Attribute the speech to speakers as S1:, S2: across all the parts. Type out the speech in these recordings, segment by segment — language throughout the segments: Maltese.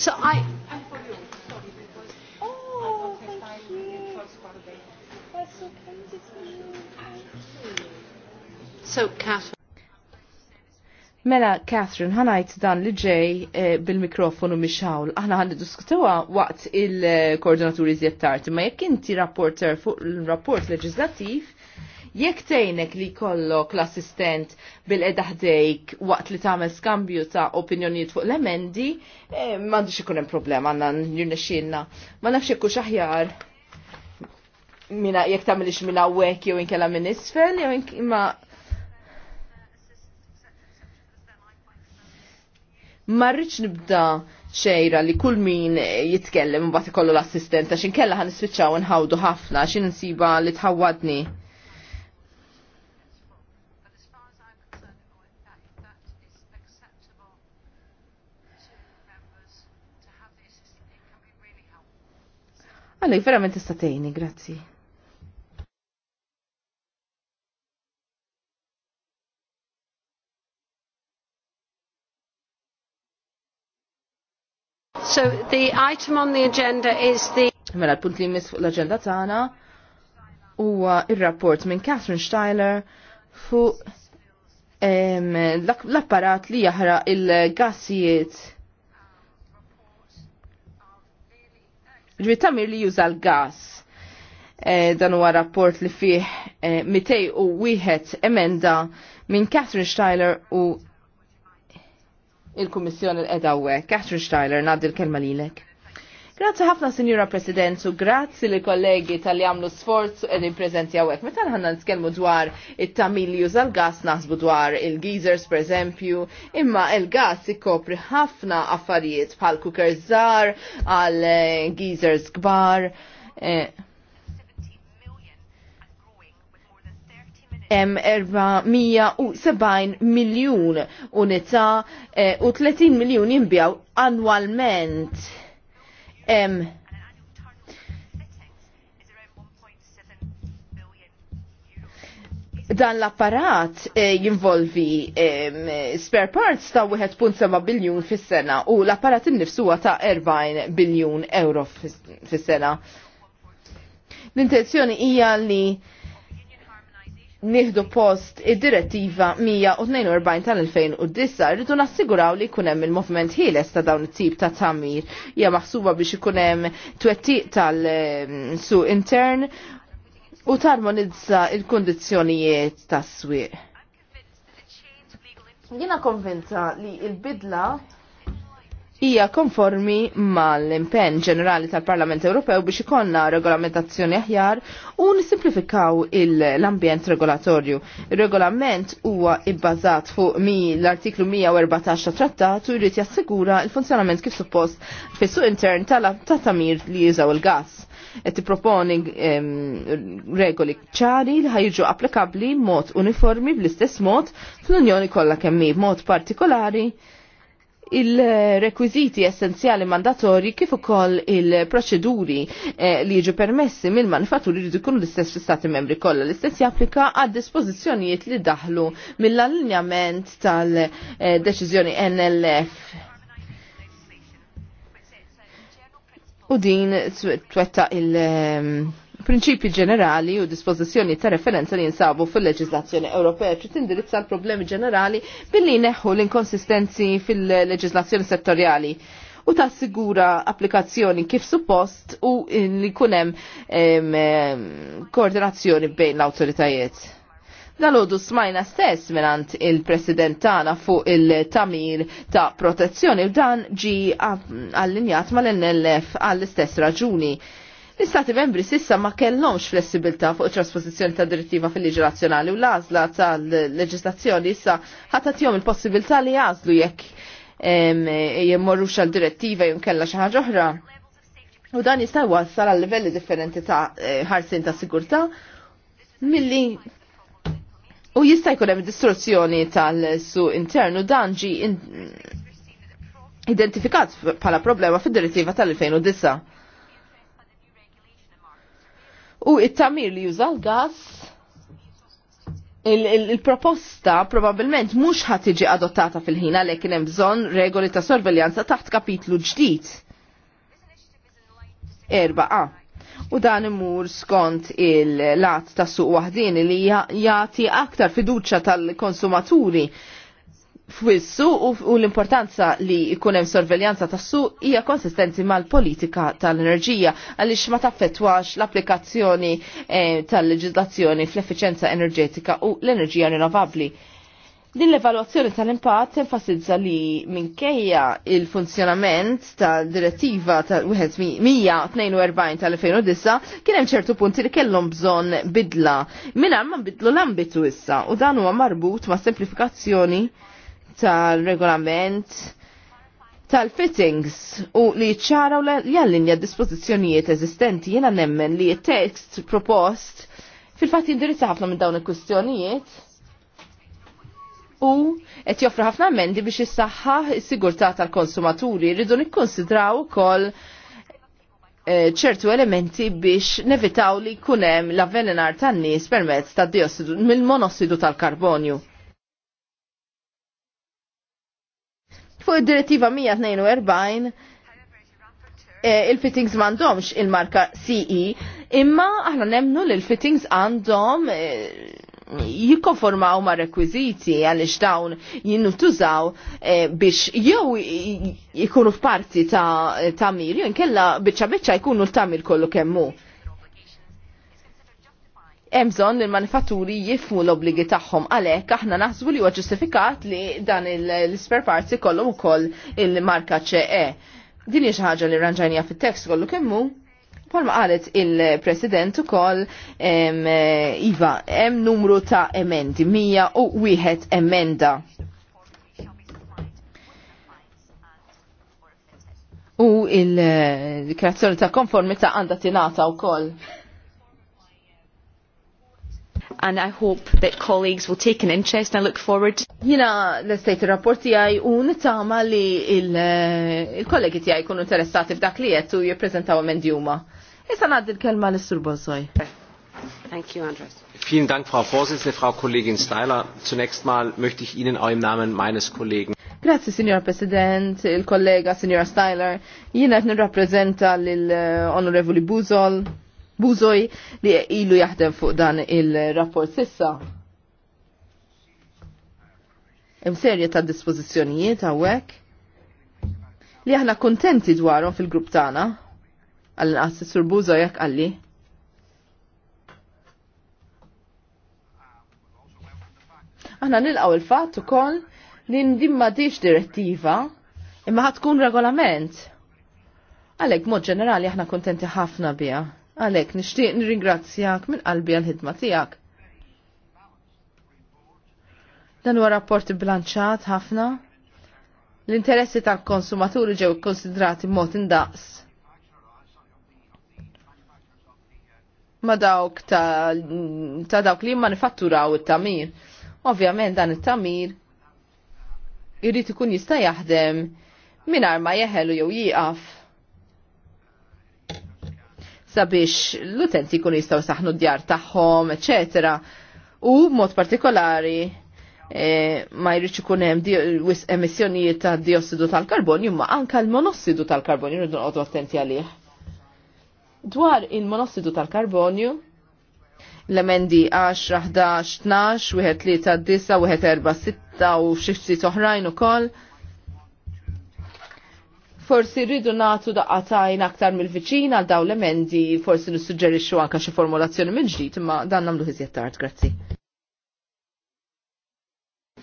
S1: So I. Oh, so So, Catherine.
S2: Mela, Catherine, ħanajt dan li ġej eh, bil-mikrofonu mixħawl. Aħna ħan diskutewa waqt il-koordinaturi eh, zjettart, ma jekk inti rapporter fuq il-rapport leġislativ, jekk tgħinek li jkollok l-assistent bil-edaħdejk waqt li tagħmel skambju ta' opinjonijiet fuq l-emendi, eh, m'għandux ikun hemm problema għandna nirnexxielna. Ma nafx hekk hux aħjar mina jekk tagħmilix minn hawnhekk jew inkella minn isfel jew imma marriċ nibda xejra li kull min jitkellem mbagħad ikollu l assistenta x'inkella inkella ħan nispiċċaw nħawdu ħafna xin nsiba li tħawwadni. Għalek, verament tista' tgħinni, grazzi.
S1: So the item on the
S2: agenda is the Mela l-punt li jmiss fuq l agenda tagħna huwa ir-rapport minn Catherine Steiler fuq l-apparat li jaħraq il-gassijiet il-vitamir li juża l-gas. E, dan huwa rapport li fih e, mitej u wieħed emenda minn Catherine Steiler u il-Kummissjoni l edawe Catherine Steiler, naddi l-kelma lilek. Grazzi ħafna, Signora President, u grazzi li kollegi tal-li għamlu sforz u edin prezenti għawek. Meta ħanna nskelmu dwar it-tamilju zal gas naħsbu dwar il-geezers, per eżempju, imma il-gas ikopri ħafna affarijiet bħal kuker żar, għal geezers kbar. Hemm 470 miljun unità eh, u 30 miljun jimbjaw annwalment Um, dan l-apparat eh, jinvolvi eh, spare parts ta' 1.7 biljun fis-sena u l-apparat innifsu ta' 40 biljun euro fis-sena. L-intenzjoni hija li nieħdu post id-direttiva 142 tal-2009 rridu nassiguraw li kunem il-movement ħieles ta' dawn it-tip ta' tamir hija maħsuba biex ikunem twettiq tal-su intern u tarmonizza il-kondizjonijiet tas-swieq. Jiena konvinta li il-bidla hija konformi mal-impenn ġenerali tal-Parlament Ewropew biex ikonna regolamentazzjoni aħjar u nisimplifikaw l-ambjent regolatorju. Il-regolament huwa ibbażat fuq mi l-artiklu 114 ta' trattat u jrid jassigura l-funzjonament kif suppost fis-suq intern tal-tamir li jużaw il-gas. Et proponi regoli ċari li ħajġu applikabli mod uniformi bl-istess mod fl-Unjoni kollha kemm mod partikolari il-rekwiziti essenzjali mandatorji kif ukoll il-proċeduri eh, li jiġu permessi mill-manifatturi li jkunu l-istess fl-Stati membri kollha. L-istess japplika għad dispożizzjonijiet li daħlu mill-allinjament tal-deċiżjoni NLF. U din twetta il- Prinċipji ġenerali u dispożizzjoni ta' referenza li jinsabu fil-leġislazzjoni Ewropea trid tindirizza l-problemi ġenerali billi neħħu l-inkonsistenzi fil-leġislazzjoni settorjali u ta' sigura applikazzjoni kif suppost u li kunem em, koordinazzjoni bejn l-autoritajiet. Dal-ħodu smajna stess minant il-president tana fuq il-tamir ta' protezzjoni u dan ġi allinjat mal-NLF għall-istess raġuni. L-Istati membri sissa ma kellhomx flessibilità fuq trasposizzjoni ta' direttiva fil-liġi nazzjonali u l-għażla tal-leġislazzjoni issa jom il-possibilità li jgħażlu jekk jemmorrux għal direttiva jew kella xi ħaġa oħra. U dan jista' jwassal għal livelli differenti ta' eh, ħarsin ta' sigurtà milli u jista' jkun hemm distruzzjoni tal-suq internu dan ġi identifikat bħala problema fid-direttiva tal-2009 u it-tamir li juża l-gas il-proposta probabilment mhux ħad tiġi adottata fil-ħin għalhekk hemm bżonn regoli ta' sorveljanza taħt kapitlu ġdid. Erba' a. U dan imur skont il-lat ta' suq waħdin li jagħti aktar fiduċja tal-konsumaturi fwissu u l-importanza li jkun hemm sorveljanza tas-suq hija konsistenti mal-politika tal-enerġija għaliex ma taffettwax l-applikazzjoni eh, tal leġiżlazzjoni fl-effiċenza enerġetika u l-enerġija rinnovabbli. Din l-evaluazzjoni tal-impatt enfasizza li minkejja il-funzjonament tal-direttiva tal-142 tal-2009 kien hemm ċertu punti li kellhom bżonn bidla. Mingħajr ma bidlu l-ambitu issa u dan huwa marbut ma' semplifikazzjoni tal-regolament tal-fittings u li ċaraw li għallinja dispozizjonijiet eżistenti jena nemmen li tekst propost fil-fat jindirizza ħafna minn dawn il-kustjonijiet u qed joffri ħafna mendi biex issaħħa is-sigurtà tal-konsumaturi rridu nikkonsidraw ukoll eh, ċertu elementi biex nevitaw li kunem l-avvelenar tan-nies permezz tad-diossidu mill-monossidu tal-karbonju. Fuq id-direttiva 142 eh, il-fittings mandomx il-marka CE, imma aħna nemnu li l-fittings għandhom eh, jikkonformaw ma' rekwiziti għalix dawn jinnutużaw eh, biex jew jikunu f'parti ta' tamir, jew nkella biċċa biċċa jkunu l-tamir kollu kemmu emżon li l-manifatturi jifmu l-obligi tagħhom għalhekk aħna naħsbu li huwa ġustifikat li dan l-spare parts ikollhom ukoll il-marka CE. Din hija xi ħaġa li ranġajnija fit-tekst kollu kemmu. Palma qalet il-President ukoll Iva, hemm numru ta' emendi, mija u wieħed emenda. U il-kreazzjoni eh, ta' konformità għandha tingħata wkoll and I hope that colleagues will take an interest and I look forward. Jina l estajt il rapport tijaj un tama li eh, il-kollegi tijaj kunu interessati f'dak li jettu jiprezentaw emendjuma. Issa nad il kelma l-Sur Bolsoj.
S3: Thank you, Andres.
S1: Vielen Dank, Frau Vorsitzende, Frau Kollegin Steiler. Zunächst mal möchte ich Ihnen auch im Namen meines Kollegen
S2: Grazie, Signor President, il-kollega, Signora Steiler. Jina għet nirrapprezenta l-Onorevoli eh, Buzol, Buzoj li ilu jaħdem fuq dan il-rapport sissa. Hemm serje ta' dispożizzjonijiet hawnhekk li aħna kontenti dwarhom fil-grupp tagħna għall-inqas sur Buzoj jekk għalli. Aħna nilqgħu il-fatt ukoll li ndimma m'għadix direttiva imma tkun regolament. Għalek, mod ġenerali, aħna kontenti ħafna bija. Għalek, nishtiq nirringrazzjak minn qalbi għal-ħidma tijak. Dan huwa rapport blanċat ħafna. L-interessi tal-konsumaturi ġew konsidrati mod indaqs. Ma dawk ta', ta dawk li manifatturaw it-tamir. Ovvjament dan it-tamir irrid ikun jista' jaħdem mingħajr ma jeħelu jew jieqaf sabiex l-utenti kun jistaw saħnu d-djar taħħom, etc. U mod partikolari e, ma jridx ikun hemm emissjonijiet ta' diossidu tal-karbonju ma anka l-monossidu tal-karbonju rridu nqogħdu attenti għalih. Dwar il-monossidu tal-karbonju, l-emendi 10, 11, 12, 13, 9, 14, 6 u xifti toħrajn u koll forsi rridu natu daqqatajn aktar mill-viċin għal daw l-emendi, forsi nissuġġerixxu anka xi formulazzjoni minn ġdid, imma dan nagħmlu iżjed tard,
S1: grazzi.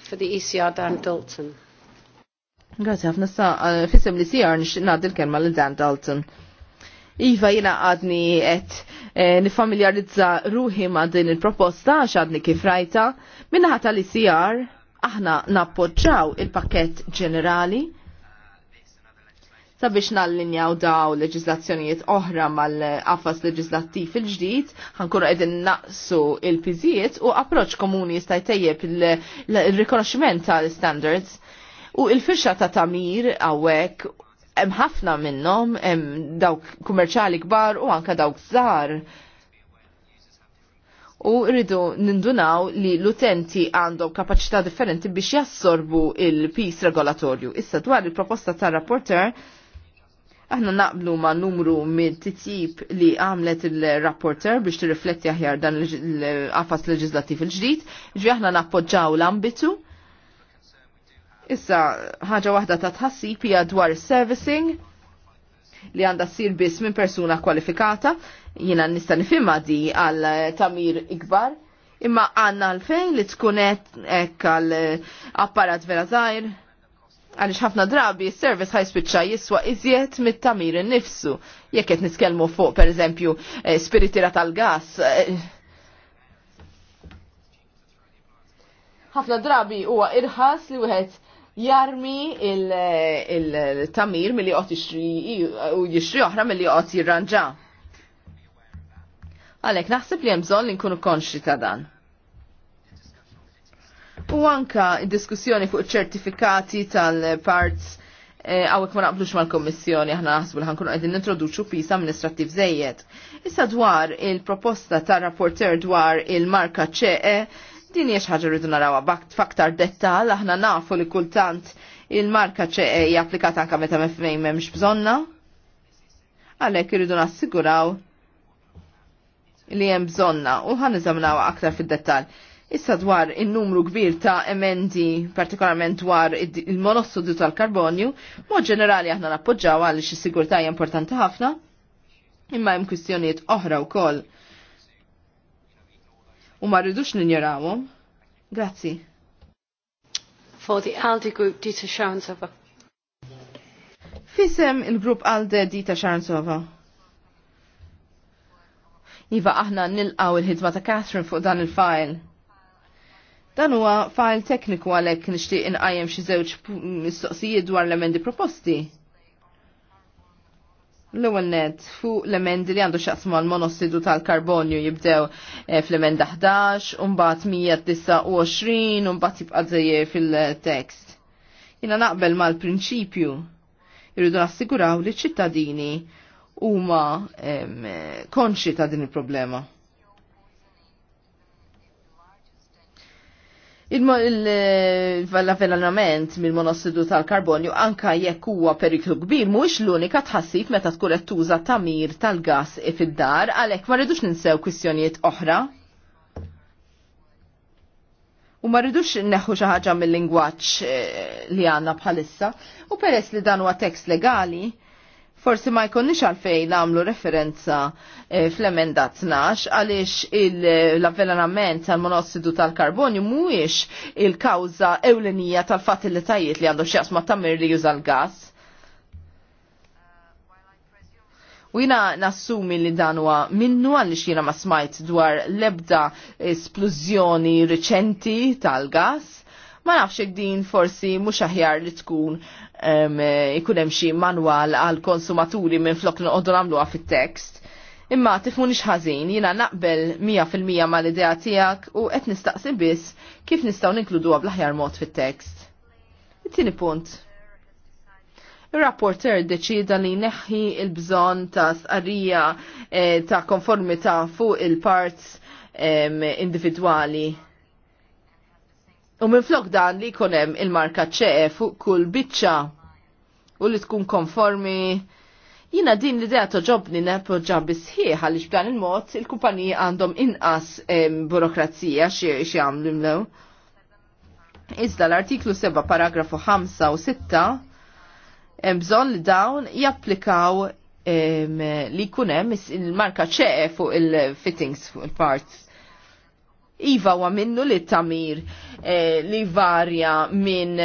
S1: For the ECR Dan Dalton.
S2: Grazzi ħafna sa eh, fisem li CR nixtieq ngħaddi l-kelma lil Dan Dalton. Iva jina għadni qed eh, nifamiljarizza ruħi ma' din il-proposta għax għadni kif rajta minna ħata li sijar aħna nappoġġaw il-pakket ġenerali sabiex nallinjaw daw leġizlazzjonijiet oħra mal-qafas leġizlattiv il-ġdid, ħankunu qegħdin naqsu il-piżijiet u approċ komuni jista' jtejjeb il-rikonoxximent tal-standards u il-firxa ta' tamir għawek hemm ħafna minnhom hemm dawk kummerċali kbar u anka dawk żgħar u rridu nindunaw li l-utenti għandhom kapaċità differenti biex jassorbu il-pis regolatorju. Issa dwar il-proposta tar rapporter Aħna naqblu ma' numru minn titjib li għamlet il-rapporter biex tirrifletti aħjar dan l-qafas leġislativ il-ġdid, ġvi aħna nappoġġaw l-ambitu. Issa, ħaġa waħda ta' tħassib hija dwar servicing li għanda sir biss minn persuna kwalifikata, jina nista nifimma di għal tamir ikbar, imma għanna l-fejn li tkunet ekk għal apparat vera zaħir, għaliex ħafna drabi s-service ħajspiċċa jiswa iżjed mit-tamir innifsu. Jekk qed niskelmu fuq pereżempju eh, spiritira tal-gas. Eh, ħafna drabi huwa irħas li wieħed jarmi eh, il-tamir mill-li qot u jixri oħra mill-li qot jirranġa. Għalek, naħseb li jemżon li nkunu konxi ta' dan u anka diskussjoni fuq ċertifikati tal-parts eh, għawek ma naqblux mal-Kommissjoni aħna naħsbu li ħankunu qegħdin nintroduċu pisa amministrattiv zejjed. Issa dwar il-proposta tar rapporter dwar il-marka ċeqe, din jiex ħagġa ħaġa rridu narawha faktar dettal, aħna nafu li kultant il-marka ċeqe hija applikata anke meta mefmejn m'hemmx bżonna. Għalhekk irridu nassiguraw li hemm bżonna u ħan aktar fid-dettall. Issa dwar il-numru kbir ta' emendi, partikolarment dwar il-monossodu tal-karbonju, mod ġenerali aħna nappoġġaw għal xi sigurtà importanti ħafna, imma hemm kwistjonijiet oħra wkoll. U ma rridux ninjorawhom.
S1: Grazzi. For the Aldi Group, Dita Sharansova.
S2: Fisem il-grupp Alde Dita Sharansova. Iva aħna nilqaw il-ħidma ta' Catherine fuq dan il-file Dan huwa fajl tekniku għalhekk nixtieq inqajjem xi żewġ mistoqsijiet dwar l-emendi proposti. L-ewwel net fuq l-emendi li għandu x'aqsmu l-monossidu tal-karbonju jibdew eh, fl-emenda 11, u mbagħad 129, u mbagħad jibqa' żejjer fil-tekst. Jiena naqbel mal-prinċipju irridu nassiguraw li ċ-ċittadini huma eh, konxi ta' din il-problema. Il-avvelenament mill-monossidu tal-karbonju anka jekk huwa periklu kbir mhuwiex l-unika tħassib meta tkun qed tuża tamir tal-gas fid-dar għalhekk ma rridux ninsew kwistjonijiet oħra. U ma rridux neħu xi ħaġa mill-lingwaġġ eh, li għandna bħalissa. U peress li dan huwa tekst legali, forsi ma jkunniex għalfejn namlu referenza e, fl-emenda 12 għaliex eh, l-avvelenament tal-monossidu tal-karbonju mhuwiex il-kawża ewlenija tal-fatilitajiet li għandu x'jaqsma tammir li juża l-gas. U jina nassumi li dan huwa minnu għaliex jiena ma smajt dwar l-ebda esplużjoni riċenti tal-gas Ma nafx din forsi mhux aħjar li tkun ikun hemm xi manwal għal konsumaturi minn flok noqogħdu nagħmluha fit text Imma tifmuni ħażin, jina naqbel 100% ma l-idea tijak u qed nistaqsi biss kif nistgħu ninkluduha bl-aħjar mod fit text It-tieni punt. Il-rapporter deċida li neħħi il-bżon ta' sqarrija eh, ta' konformità fuq il-parts individwali U minn flok dan li jkunem il-marka ċe fuq kull bicċa u li tkun konformi jina din l-idea ġobni nepoġġa bisħieħ għalix b'dan il-mod il-kumpanija għandhom inqas burokrazija xie għamlu mlew. Iżda l-artiklu 7 paragrafu 5 u 6 bżon li dawn japplikaw li kunem il-marka ċe fuq il-fittings fuq il-parts Iva wa minnu li tamir eh, li varja minn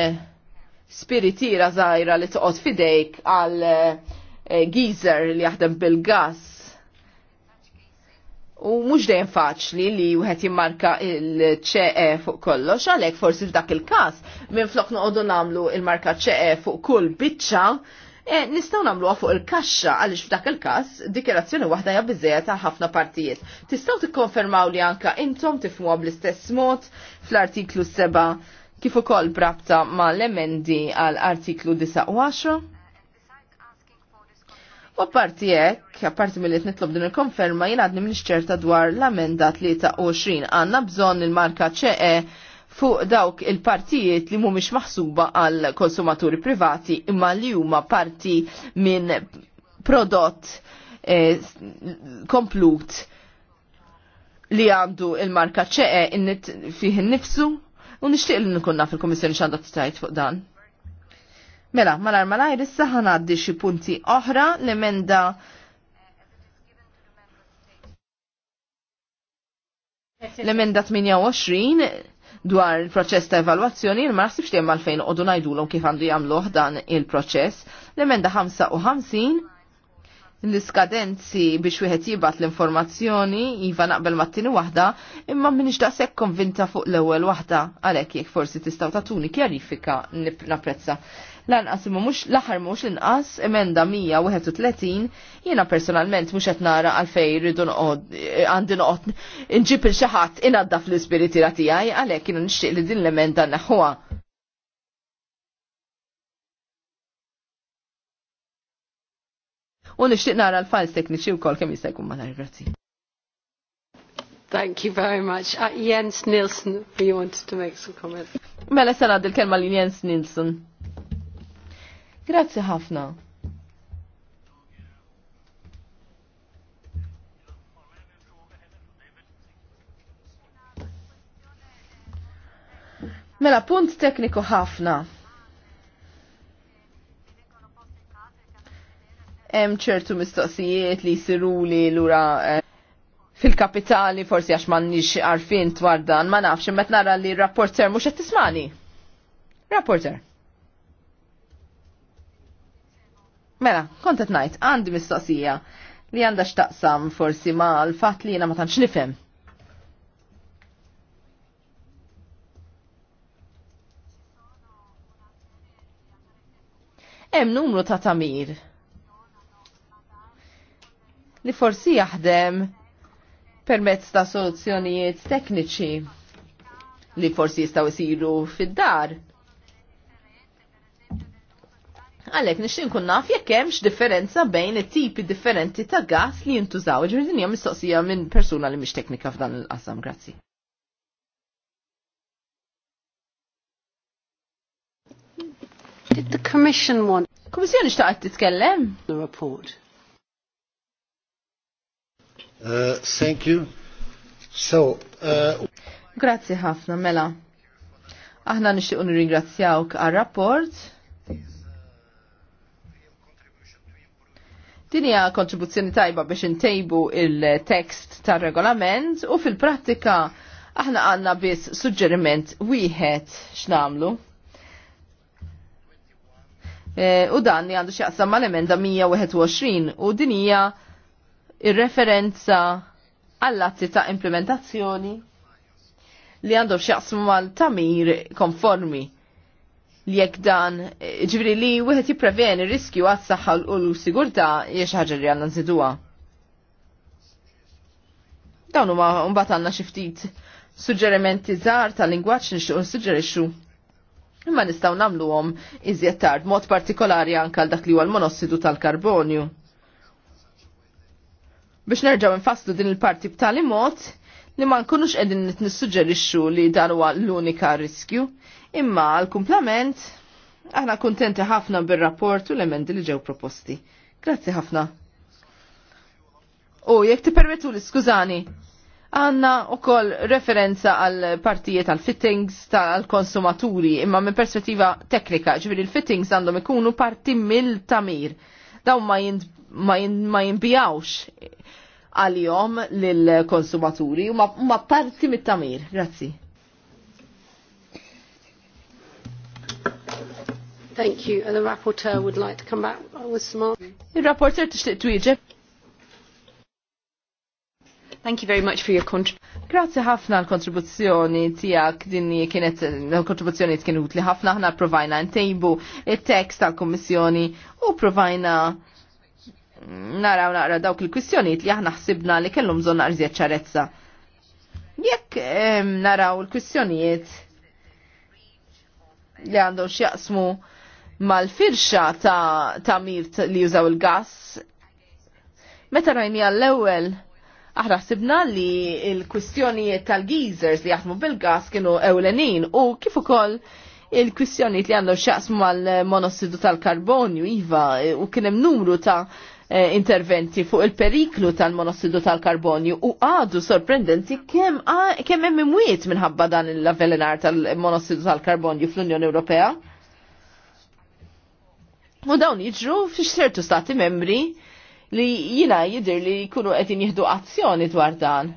S2: spiritira zaħira li toqgħod fidejk għal eh, geyser li jaħdem bil-gas. U mhux dejjem faċli li wieħed jimmarka il-ċeqe fuq kollox, għalhekk forsi f'dak il-każ minn flok noqogħdu nagħmlu il-marka ċeqe fuq kull biċċa E, nistaw namluha fuq il-kaxxa għaliex f'dak il-każ dikjerazzjoni waħda hija biżejjed ta' ħafna partijiet. Tistgħu tikkonfermaw li anka intom tifhmu bl-istess mod fl-artiklu 7 kif ukoll brabta mal emendi għal artiklu 19? U parti hekk, apparti mill nitlob din il-konferma jien għadni minix ċerta dwar l-amenda 20 għandna bżonn il-marka ċeqe fuq dawk il-partijiet li mhumiex maħsuba għal konsumaturi privati imma li huma parti minn prodott eh, komplut li għandu il-marka ċeqe fih nifsu u nixtieq li nkunna fil komissjoni kummissjoni t tajt fuq dan. Mela, malar malajr issa għaddi xi punti oħra l-emenda l-emenda 28 dwar il-proċess ta' evalwazzjoni il marsibx li hemm għalfejn qogħdu ngħidulhom kif għandu jagħmluh dan il-proċess. L-emenda 55 l-iskadenzi biex wieħed jibgħat l-informazzjoni iva naqbel mat-tieni waħda, imma m'iniex daqshekk konvinta fuq l-ewwel waħda għalhekk jekk forsi tistgħu tagħtuni kjarifika napprezza lanqas imma mhux l-aħħar mhux inqas emenda 131 jiena personalment mhux qed nara għalfejn irridu noqgħod għandi noqgħod inġib il xi ħadd inaddaf fl ispiriti tiegħi għalhekk jiena nixtieq li din l-emenda naħħuha. u nixtieq nara l-files tekniċi wkoll kemm jista' jkun malar grazzi.
S1: Thank you very much. Uh, Jens Nilsson, if you wanted to make some comments.
S2: Mela se il kelma lil Jens Nilsson. Grazzi ħafna. Mela, punt tekniku ħafna. Hemm ċertu mistoqsijiet li li lura eh, fil-kapitali forsi għax m'għandniex għarfien twardan, ma nafx imma nara li rapporter mhux qed tismani. Rapporter. Mela, kontet najt, għandi mistoqsija li għandha xtaqsam forsi ma l-fat li jena ma tantx nifhem. Hemm numru ta' tamir li forsi jaħdem permezz ta' soluzzjonijiet tekniċi li forsi jistgħu jsiru fid-dar Għalek nixin kun naf jekk hemmx differenza bejn it-tipi differenti ta' gas li jintużaw. Ġifieri hija mistoqsija minn persuna li mhix teknika f'dan il-qasam. Grazzi. Did the commission want? Kummissjoni xtaqgħet titkellem? The report.
S3: Uh, thank you. So, uh...
S2: Grazzi ħafna, Mela. Aħna nixtiequ nirringrazzjawk għal rapport Din hija kontribuzzjoni tajba biex intejbu il-tekst tar-regolament u fil-prattika aħna għandna biss suġġeriment wieħed x'namlu. E, u dan li għandu xaqsam mal-emenda 121 u din hija ir-referenza għall-atti ta' implementazzjoni li għandu xaqsam mal-tamir konformi li jekk dan ġivri li wieħed jippreveni riskju għas saħħa u l-sigurtà hija xi ħaġa li għandna nżiduha. Dawn huma mbagħad għandna xi ftit suġġerimenti żgħar tal-lingwaġġ nixtieq nsuġġerixxu. Imma nistgħu nagħmluhom iżjed tard mod partikolari anke għal dak li huwa l-monossidu tal-karbonju. Biex nerġgħu nfasslu din il-parti b'tali mod li ma nkunux qegħdin nissuġġerixxu li dan huwa l-unika riskju, Imma għal-kumplament, aħna kontenti ħafna bir-rapport u l-emendi li ġew proposti. Grazzi ħafna. U jekk ti permettu li skużani, għanna u koll referenza għal partijiet għal fittings tal konsumaturi imma minn perspettiva teknika, ġviri l-fittings għandhom ikunu parti mill-tamir. Daw ma, jind, ma, jind, ma jimbijawx għal-jom l-konsumaturi u ma, ma parti mill-tamir. Grazzi.
S1: Thank you. And the rapporteur would like to come back with some more. Il-rapporteur tixtieq twieġeb.
S2: Thank you very much for your contribution. Grazie ħafna l-kontribuzzjoni tiegħek din kienet l-kontribuzzjoni eh, kien utli ħafna aħna provajna ntejbu it text tal-Kummissjoni u provajna mm, naraw naqra dawk il-kwistjonijiet li aħna ħsibna li kellhom bżonn naqra ċarezza. Jekk naraw il-kwistjonijiet li għandhom x'jaqsmu mal-firxa ta', ta mirt li jużaw il-gas. Meta rajni għall-ewel, aħra sibna li il-kwistjonijiet tal-geezers li jaħdmu bil-gas kienu ewlenin u kif ukoll il-kwistjonijiet li għandhom xaqs mal-monossidu tal-karbonju, iva, u kienem numru ta' eh, interventi fuq il-periklu tal-monossidu tal-karbonju u għadu sorprendenti kemm hemm imwiet minħabba dan il-avvelenar tal-monossidu tal-karbonju fl-Unjoni Ewropea. U dawn jiġru fiex ċertu stati membri li jina jidir li jkunu qegħdin jihdu azzjoni dwar dan.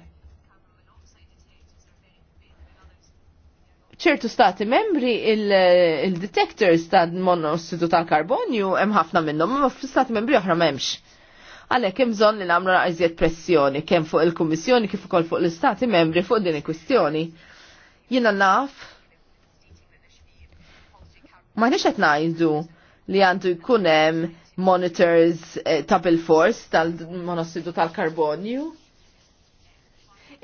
S2: ċertu stati membri il-detectors ta' monossidu tal-karbonju hemm ħafna minnhom, ma fl-stati membri oħra m'hemmx. Għalhekk hemm bżonn li nagħmlu iżjed pressjoni kemm fuq il-Kummissjoni kif ukoll fuq l-Istati membri fuq din il-kwistjoni. Jiena naf ma nix qed ngħidu li għandu jkunem monitors eh, ta' bil-fors tal-monossidu tal-karbonju.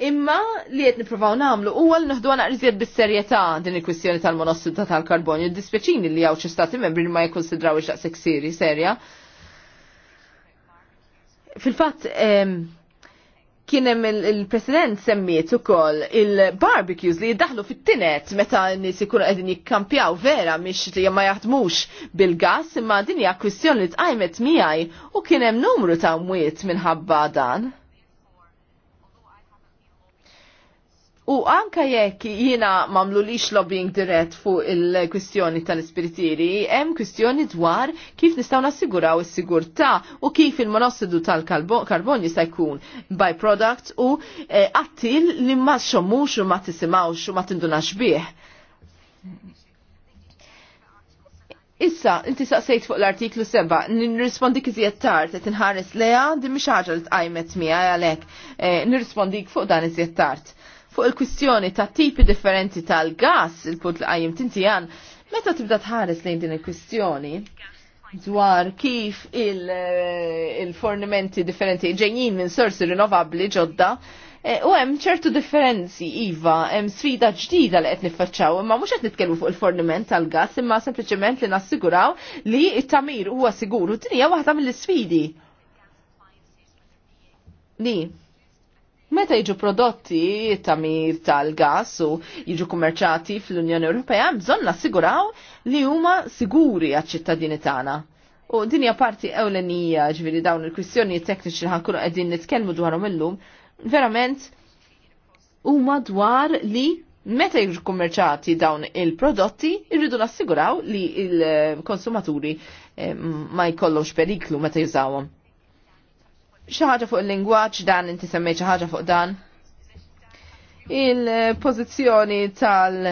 S2: Imma li qed nippruvaw nagħmlu huwa għal noħdu għana għrizjed bis-serjetà din il-kwistjoni tal-monossidu tal-karbonju. Dispeċini li għawċi xi stati membri ma jikkonsidraw ix-daqshekk siri serja. Fil-fatt kienem il-president semmiet ukoll il-barbecues li jiddaħlu fit-tinet meta n-nis ikunu qegħdin jikkampjaw vera miex li ma jaħdmux bil-gas imma din hija kwistjoni li tqajmet miħaj u kien hemm numru ta' mwiet minħabba dan. U anka jekk jina mamlu lix lobbying dirett fuq il-kwistjoni tal-ispiritieri, hemm kwistjoni dwar kif nistgħu nassiguraw is-sigurtà u kif il-monossidu tal-karbonju jista' jkun byproduct u qattil eh, li ma xomux u ma tisimawx u ma tindunax bih. Issa, inti saqsejt fuq l-artiklu 7, nirrispondi iżjed tard, qed inħares leha, di mhix ħaġa li tqajmet miha għalhekk. Eh, Nirrispondik fuq dan iżjed tard fuq il-kwistjoni ta' tipi differenti tal-gas, il-punt li għajim tinti għan, meta tibda tħares lejn din il-kwistjoni dwar kif eh, il-fornimenti il differenti ġejjin minn sorsi rinnovabli ġodda, eh, U hemm ċertu differenzi iva, hemm sfida ġdida li qed niffaċċaw, imma mhux qed nitkellmu fuq il-forniment tal-gass, imma sempliċement li nassiguraw li t-tamir huwa siguru. Din hija waħda mill-isfidi. Li Meta jiġu prodotti tamir tal-gas u jiġu kummerċati fl-Unjoni Ewropea, bżonn nassiguraw li huma siguri għaċ-ċittadini tagħna. U dinja parti ewlenija ġifieri dawn il-kwistjoni tekniċi li ħankunu qegħdin nitkellmu dwarhom illum, verament huma dwar li meta jiġu kummerċati dawn il-prodotti, irridu nassiguraw li il-konsumaturi eh, ma jkollhomx periklu meta jużawhom. Xi ħaġa fuq il-lingwaġġ dan inti semmejt xi ħaġa fuq dan. Il-pożizzjoni tal-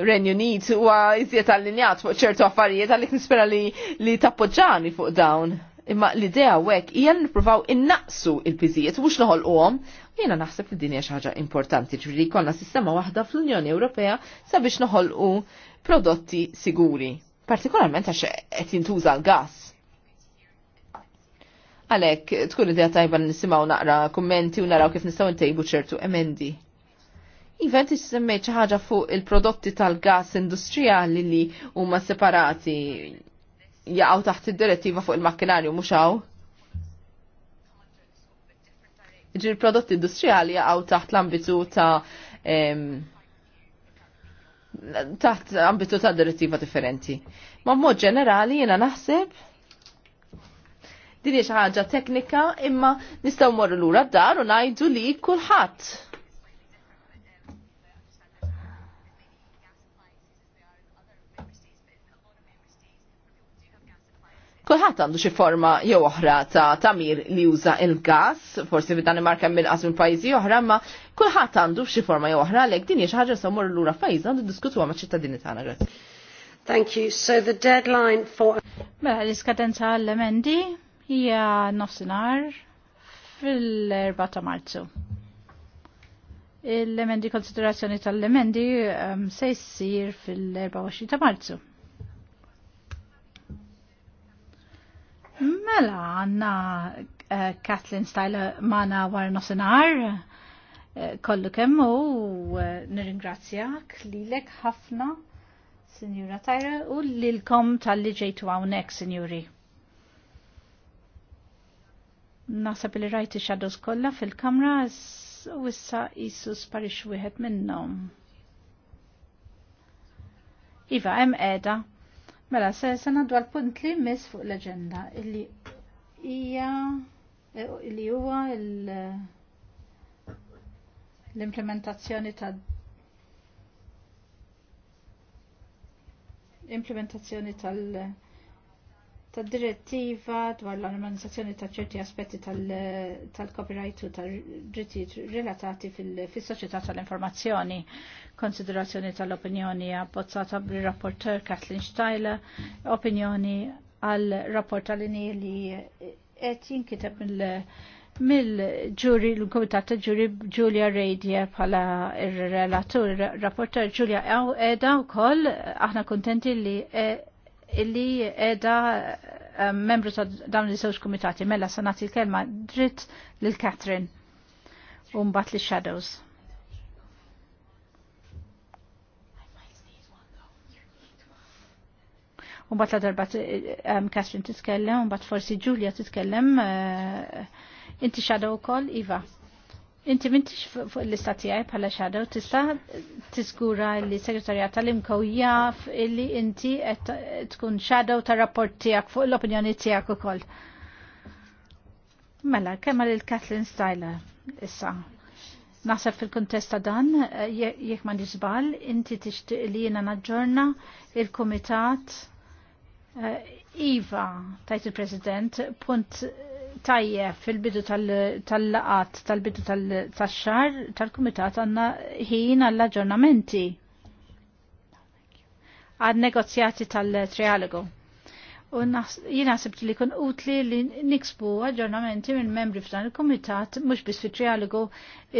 S2: Renju Unit huwa iżjed allinjat fuq ċertu affarijiet għalhekk nispera li li tappoġġani fuq dawn. Imma l-idea hekk hija li nippruvaw innaqsu il-biżijiet mhux noħolquhom. Jiena naħseb li din hija xi ħaġa importanti ġifieri jkollna sistema waħda fl-Unjoni Ewropea sabiex noħolqu prodotti siguri. Partikolarment għax qed jintuża l-gass. Għalek, tkun idea tajba nisimaw naqra kummenti u naraw kif nistaw ntejbu ċertu emendi. Iva, inti semmejt ħaġa fuq il-prodotti tal-gas industrijali li huma separati jaqgħu taħt id-direttiva fuq il-makkinarju mhux hawn? Ġir prodotti industrijali jaqgħu taħt l-ambitu ta' taħt ambitu ta' direttiva differenti. Ma' mod ġenerali jena naħseb Din hija xi ħaġa teknika imma nistgħu morru lura d-dar u ngħidu li kulħadd. Kulħadd għandu xi forma jew oħra ta' tamir li juża il-gas, forsi fid-Danimarka mill-qas minn pajjiżi oħra, ma kulħadd għandu xi forma jew oħra għalhekk din
S1: hija xi ħaġa nistgħu morru lura fajża għandu diskutuha maċ-ċittadini tagħna. Grazzi. Thank you. So the deadline for Mela l-iskadenza għall-emendi hija nofsinar fil-4 ta' Marzu. il lemendi konsiderazzjoni tal lemendi um, ehm, se jsir fil-24 ta' Marzu. Mela għanna uh, Kathleen Styler mana war nofsinar, eh, kollu kemmu u eh, nirringrazzjak li lek ħafna, Signora Tajra, u lilkom tal-li ġejtu għawnek, Signori. Nasab li rajti xadows kollha fil-kamra u issa Isus sparix wieħed minnhom. Iva, hemm edha. Mela, se se dwar punt li mis fuq l-aġenda illi ija, eh, li huwa l-implementazzjoni ta' implementazzjoni tal- ta' direttiva dwar l-armonizzazzjoni ta' ċerti aspetti tal-copyright u tal-drittijiet relatati fil-soċjetà tal-informazzjoni, konsiderazzjoni tal-opinjoni appozzata bil-rapporter Kathleen Steiler, opinjoni għal rapport tal li qed jinkiteb mill- ġuri l-komitat ta' ġuri Julia Radie pala il-relatur, rapporter Julia għaw edha u koll, aħna kontenti li eh, illi edha eh, membru ta' dawn li sewx kumitati mela Sanat il l-kelma dritt lil Catherine u mbagħad li Shadows. U mbagħad la darba eh, Catherine titkellem, u forsi Julia titkellem, eh, inti Shadow Iva. Iva. Inti mintix fuq l-lista tiegħi bħala xadow tista' tiżgura li s-Segretarja tal imkowja illi inti tkun xadow tar-rapport tiegħek fuq l-opinjoni tiegħek ukoll. Mela, kemm lil Kathleen Styler issa. Naħseb fil-kontesta dan, jekk ma nisbal, inti tixtieq li jiena naġġorna il-Kumitat eh, Iva, tajt il-President, punt tajje fil-bidu tal-laqat, tal-bidu tal-xar, tal-kumitat għanna ħin għall-aġġornamenti għad negozjati tal-trialogu u jinaħseb li kun utli li niksbu aġġornamenti minn membri f'dan il-komitat mhux biss fit-trialogu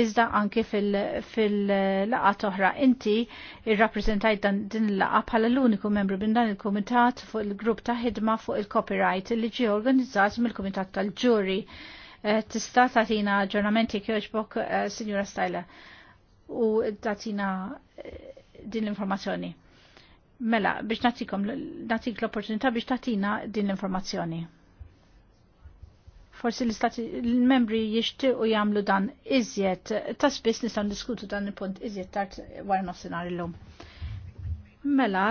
S1: iżda anke fil-laqat oħra. Inti irrappreżentajt dan din il-laqa bħala l-uniku membru minn dan il-komitat fuq il-grupp ta' ħidma fuq il-copyright li ġie organizzat mill-komitat tal-ġuri. Eh, tista' tagħtina aġġornamenti kjoġbok, eh, Signora Stajla, u tatina eh, din l-informazzjoni. Mela, biex natikom, natik l-opportunità biex tatina din l-informazzjoni. Forsi l-membri u jamlu dan iżjed, ta' spiss nistan diskutu dan il-punt iżjed tart wara nofsinhar illum. Mela,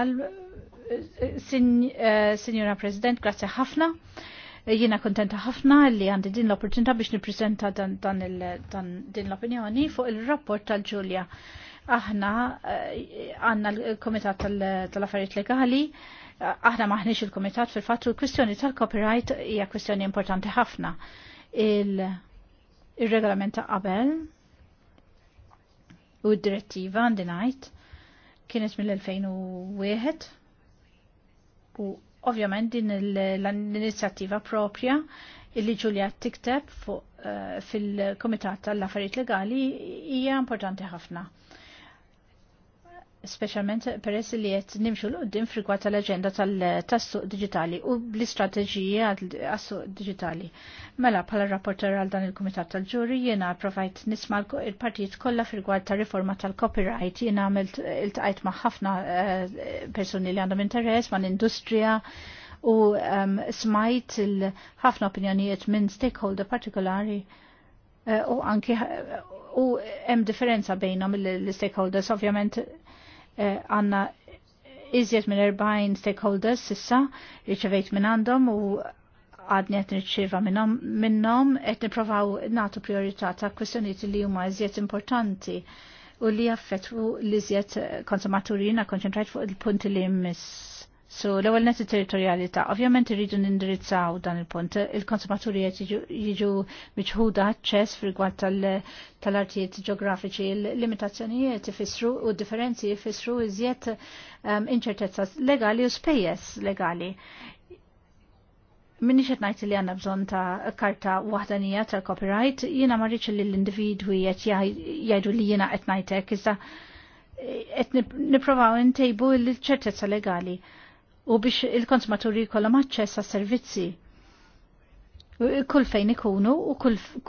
S1: eh, Signora President, grazie ħafna jina kontenta ħafna li għandi din l-opportunità biex niprezenta dan, dan, dan din l-opinjoni fuq il-rapport tal-Ġulja aħna eh, għanna l-Komitat tal-Affarijiet Legali, aħna maħniex il-Komitat fil-fatt u l-kwistjoni tal-copyright hija kwistjoni importanti ħafna. Il-regolament ta' qabel u d-direttiva għandi ngħid kienet mill-2001 u ovvjament din l-inizjattiva propja illi Ġulja tikteb eh, fil-Komitat tal-Affarijiet Legali hija importanti ħafna specialment peress li jett nimxu l-qoddim frikwa tal-agenda tal-tassuq digitali u bl-istrateġija għal tassu digitali. Mela, pala rapporter għal dan il-Komitat tal-ġuri, jena provajt nisma il-partijiet kolla frikwa tal-riforma tal-copyright, jena għamil il-tajt ma' ħafna eh, personi li għandhom interess, ma' l-industrija, u ehm, smajt il-ħafna opinjonijiet minn stakeholder partikolari eh, u anki eh, u hemm differenza bejnhom l stakeholders ovvjament Eh, għanna iżjed minn 40 stakeholders sissa riċevejt minn għandhom u għadni għet nirċiva minnom għet niprofaw natu priorità ta' kwestjoniet li huma iżjed importanti u li jaffetwu l-iżjed konsumaturina konċentrajt fuq il-punti li jmiss So l-ewwel net territorjalità ovvjament irridu nindirizzaw dan il-punt. Il-konsumaturi qed jiġu miċħuda aċċess fil-gwad tal-artijiet ġeografiċi. Il-limitazzjonijiet ifissru u differenzi ifissru iżjed ehm, inċertezza legali u spejjeż legali. Minni xed najt li għanna bżon ta' karta wahdanija ta' copyright, jina marriċ li l-individwi jett jgħidu li jina qed najtek, iżda eh, qed niprovaw ntejbu l-ċertezza legali u biex il-konsumaturi jkollhom aċċess għas servizzi kull fejn ikunu u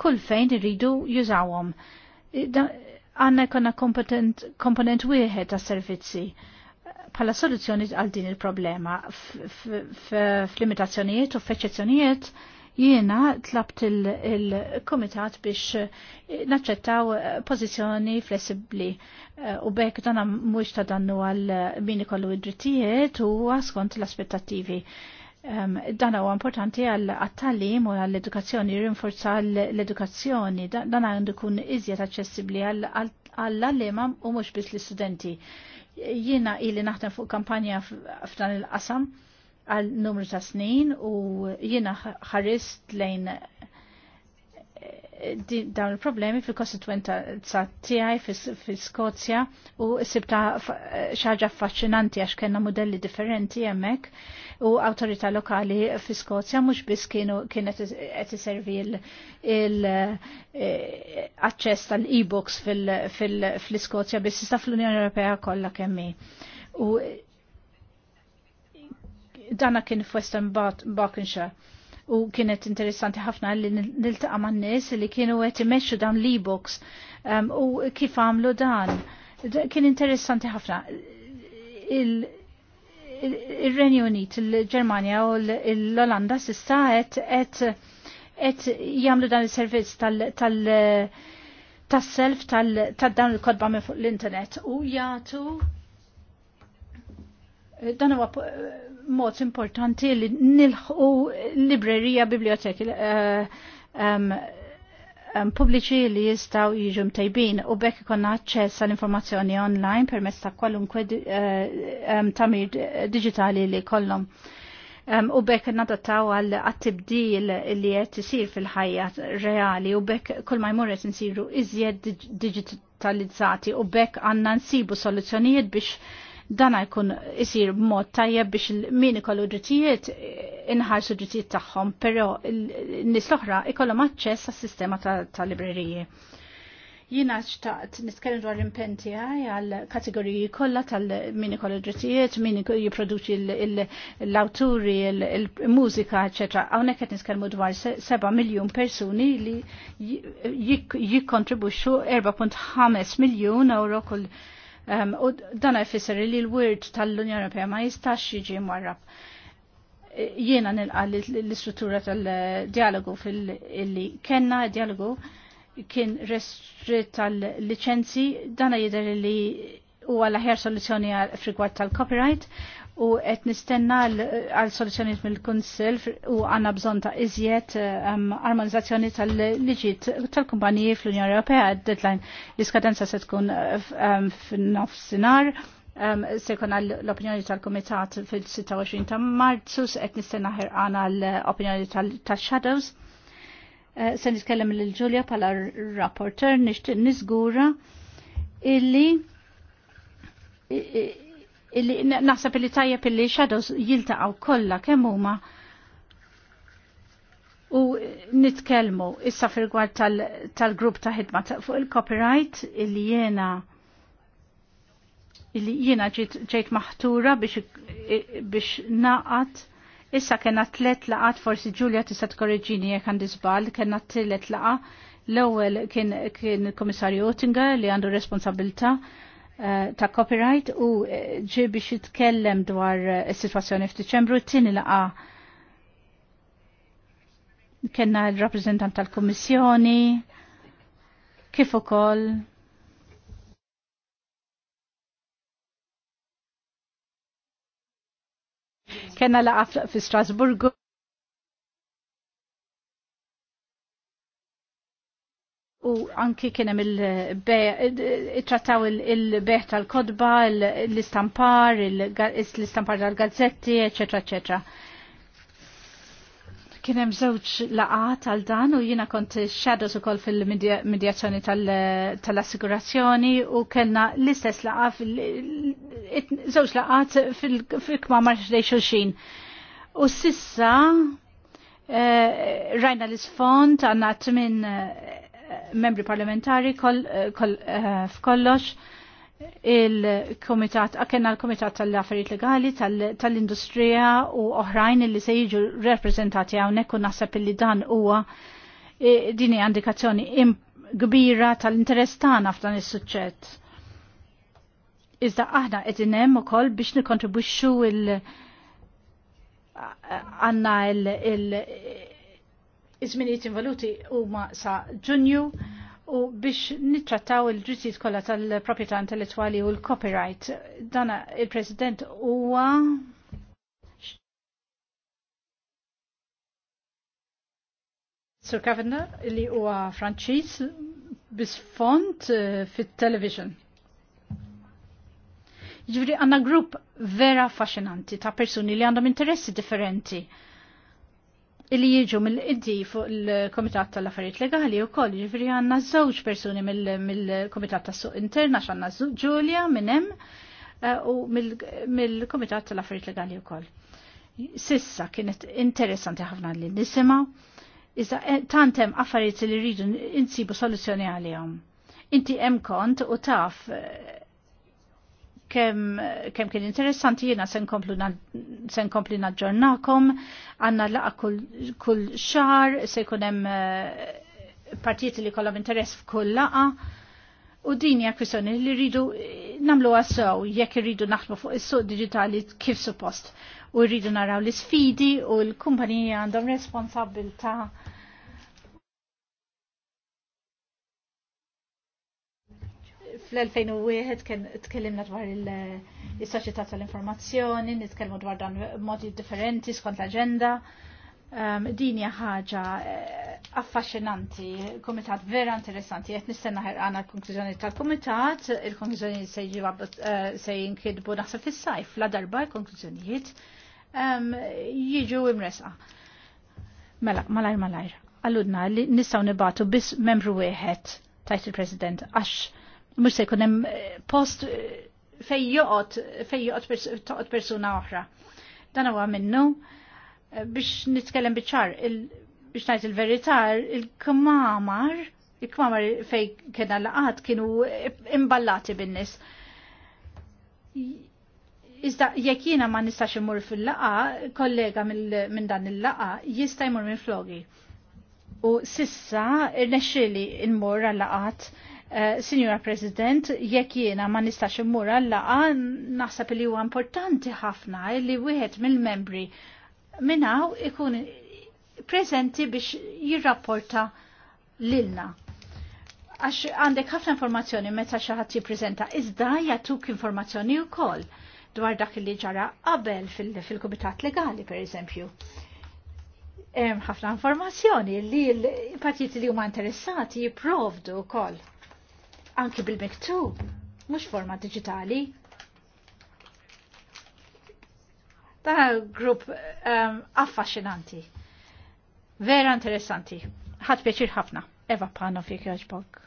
S1: kull fejn irridu jużawhom. Għanna jkollna komponent wieħed għas servizzi bħala soluzzjoni għal din il-problema f'limitazzjonijiet u f'eċċezzjonijiet jiena tlabt il-komitat il biex eh, naċċettaw eh, pożizzjoni flessibbli eh, u bekk dan mhux ta' dannu għal min ikollu id-drittijiet u skont l-aspettattivi. Um, dan huwa importanti għal għat-tallim u għall edukazzjoni rinforza l-edukazzjoni, dan għandu kun iżjed aċċessibbli għall-allema u mhux biss l-istudenti. Jiena ili naħdem fuq kampanja f'dan il-qasam għal numru ta' snin u jiena ħarist lejn eh, dawn il-problemi fil-kostituenta tiegħi fil-Skozja u sibta xaġa affaċċinanti għax kena modelli differenti hemmhekk u awtorità lokali fil-Skozja mhux biss kienu kienet qed iservi l eh, access tal tal-e-books fil-Skozja biss sista fl-Unjoni Ewropea kollha kemm u dana kien f'Western Buckinghamshire u kienet interessanti ħafna li niltaqa man nies li kienu qed imexxu dawn l-e-books um, u kif għamlu dan. Da, kien interessanti ħafna. Il-Renju il, il Unit, il-Ġermanja u l-Olanda sissa qed jagħmlu dan is-servizz tal-, tas-self tal tal-tad-dan il-kodba minn fuq l-internet u jagħtu dan huwa mod importanti li nilħu librerija biblioteki eh, pubbliċi li jistaw jiġu mtajbin u bekk ikonna aċċess għall informazzjoni online permezz ta' kwalunkwe eh, tamir digitali li kollom. U bekk nadattaw għal attibdil li qed isir fil-ħajja reali u bekk kull majmur jett nsiru insiru iżjed digitalizzati u bekk għandna nsibu soluzzjonijiet biex dan jkun isir b'mod tajjeb biex min ikollu drittijiet inħarsu drittijiet tagħhom, però n-nies l-oħra ikollhom aċċess għas-sistema tal-libreriji. Jiena jina xtaqt nitkellem dwar impenti għaj għal kategoriji kollha tal-min ikollu drittijiet, min jipproduċi l-awturi, l-mużika, eċetera. Hawnhekk qed nitkellmu dwar 7 miljun persuni li jikkontribwixxu 4.5 miljun euro kull Ehm, u dan jfisser li l-wirt tal-Unjoni Ewropea ma jistax jiġi mwarrab. E, jiena nilqa l-istruttura tal-dialogu fil-li kena dialogu kien restrit tal-licenzi, dana jider li u l ħjar soluzzjoni frigwat tal-copyright u qed nistenna għal soluzzjonijiet mill kunsil u għandna bżonn ta' iżjed ehm, armonizzazzjoni tal liġi tal-kumpaniji fl-Unjoni Ewropea deadline l-iskadenza se tkun ehm, f'nofsinhar. Um, se jkun l-opinjoni tal-Komitat fil-26 ta' Marzu, et qed nistenna ħirqan l-opinjoni tal-Shadows. Uh, eh, se nitkellem lil Ġulja pala rapporter nixtieq niżgura illi illi naħseb li tajjeb illi shadows jiltaqgħu kollha kemm huma u nitkellmu issa fil-gwar tal-grupp tal ta' ħidma fuq il-copyright illi jena illi jena ġejt maħtura biex biex naqat issa kena tlet laqat forsi Ġulja tista' tkorreġini jekk għandi żball kena tlet laqa l-ewwel kien kien komissarju Oettinger li għandu responsabilta' Eh, ta' copyright u eh, ġi biex jitkellem dwar eh, is-sitwazzjoni f'Diċembru t-tieni laqa kenna l-rappreżentant tal-Kummissjoni kif ukoll kenna laqa fi Strasburgu U anki kienem il-trattaw il-beħ tal-kodba, l-istampar, l-istampar tal-gazzetti, eccetera, eccetera kien hemm żewġ laqat għal dan u jiena kont shadows ukoll fil-medjazzjoni tal-assigurazzjoni u kellna l-istess laqa żewġ laqat fil-kmamar xdej xulxin. U sissa eh, rajna l-isfond għandna min membri parlamentari eh, f'kollox il-komitat, akkenna l-komitat tal-affarijiet legali, tal-industrija u oħrajn li se jiġu rappresentati għawnek u nasab li dan huwa eh, dini indikazzjoni kbira tal-interess tagħna f'dan is-suċċett. Iżda aħna qed hemm ukoll biex nikkontribwixxu il- għanna il-, il Iż-żminijiet involuti huma sa Ġunju u biex nittrattaw il-ġrittijiet kollha tal-proprjetà intellettwali u l-copyright. Dana il-President huwa Sir Cavender li huwa Franċiż bisfont eh, fit-television. Ġifri għanna grupp vera affaxxinanti ta' persuni li għandhom interessi differenti illi jiġu mill-iddi fuq il-Komitat tal-Affarijiet Legali u koll, ġifri għanna żewġ persuni mill-Komitat tas-Suq Interna x'għandna Ġulja minn hemm eh, u mill-Komitat tal-Affarijiet Legali u koll. Sissa kienet interessanti ħafna li nisimaw, iżda eh, tantem affarijiet li rridu insibu soluzzjoni għalihom. Inti hemm kont u taf eh, kem, kem kien interessanti jena sen kompli naġġornakom, għanna laqa kull, kull xar, se kunem eh, partijiet li kollom interess f'kull laqa, u din hija kwistjoni li rridu eh, namlu għasaw jekk irridu naħdmu fuq is-suq digitali kif suppost u rridu naraw l-sfidi u l-kumpanija għandhom responsabilta' fl-2001 kien tkellimna dwar il-soċjetà tal-informazzjoni, nitkellmu dwar dan modi differenti skont l-aġenda. Um, ehm, din hija ħaġa eh, affaxxinanti, kumitat vera interessanti, qed nistenna ħerqana l-konklużjoni tal-kumitat, il-konklużjoni se jiġu eh, se jinkidbu naħseb fis-sajf la darba l-konklużjonijiet um, jiġu imresqa. Mela, malajr malajr. Alludna li nistgħu nibatu biss membru wieħed tajt il-President għax mux se jkunem eh, post eh, fej joqot, fej joqot toqot persuna oħra. Dan huwa minnu eh, biex nitkellem biċar, biex najt il veritar il-kmamar, il-kmamar fej kena laqat kienu imballati bin-nies. Iżda jekk jiena ma nistax imur fil-laqa, kollega minn dan il-laqa jista' jmur minn flogi. U sissa irnexxieli nmur għal laqat Eh, Signora President, jekk jiena ma nistax immur għallaqa, naħseb li huwa importanti ħafna li wieħed mill-membri minnaw ikun prezenti biex jirrapporta lilna. Għax għandek ħafna informazzjoni meta xi ħadd jippreżenta, iżda jagħtuk informazzjoni wkoll dwar dak li ġara qabel fil-Kumitat fil Legali, pereżempju hemm ħafna informazzjoni li l-partiti li huma interessati jipprovdu wkoll anki bil-miktub, mhux forma digitali. Dan grupp um, affaxxinanti. Vera interessanti. Ħat pieċir ħafna. Eva Panov jek joġbok.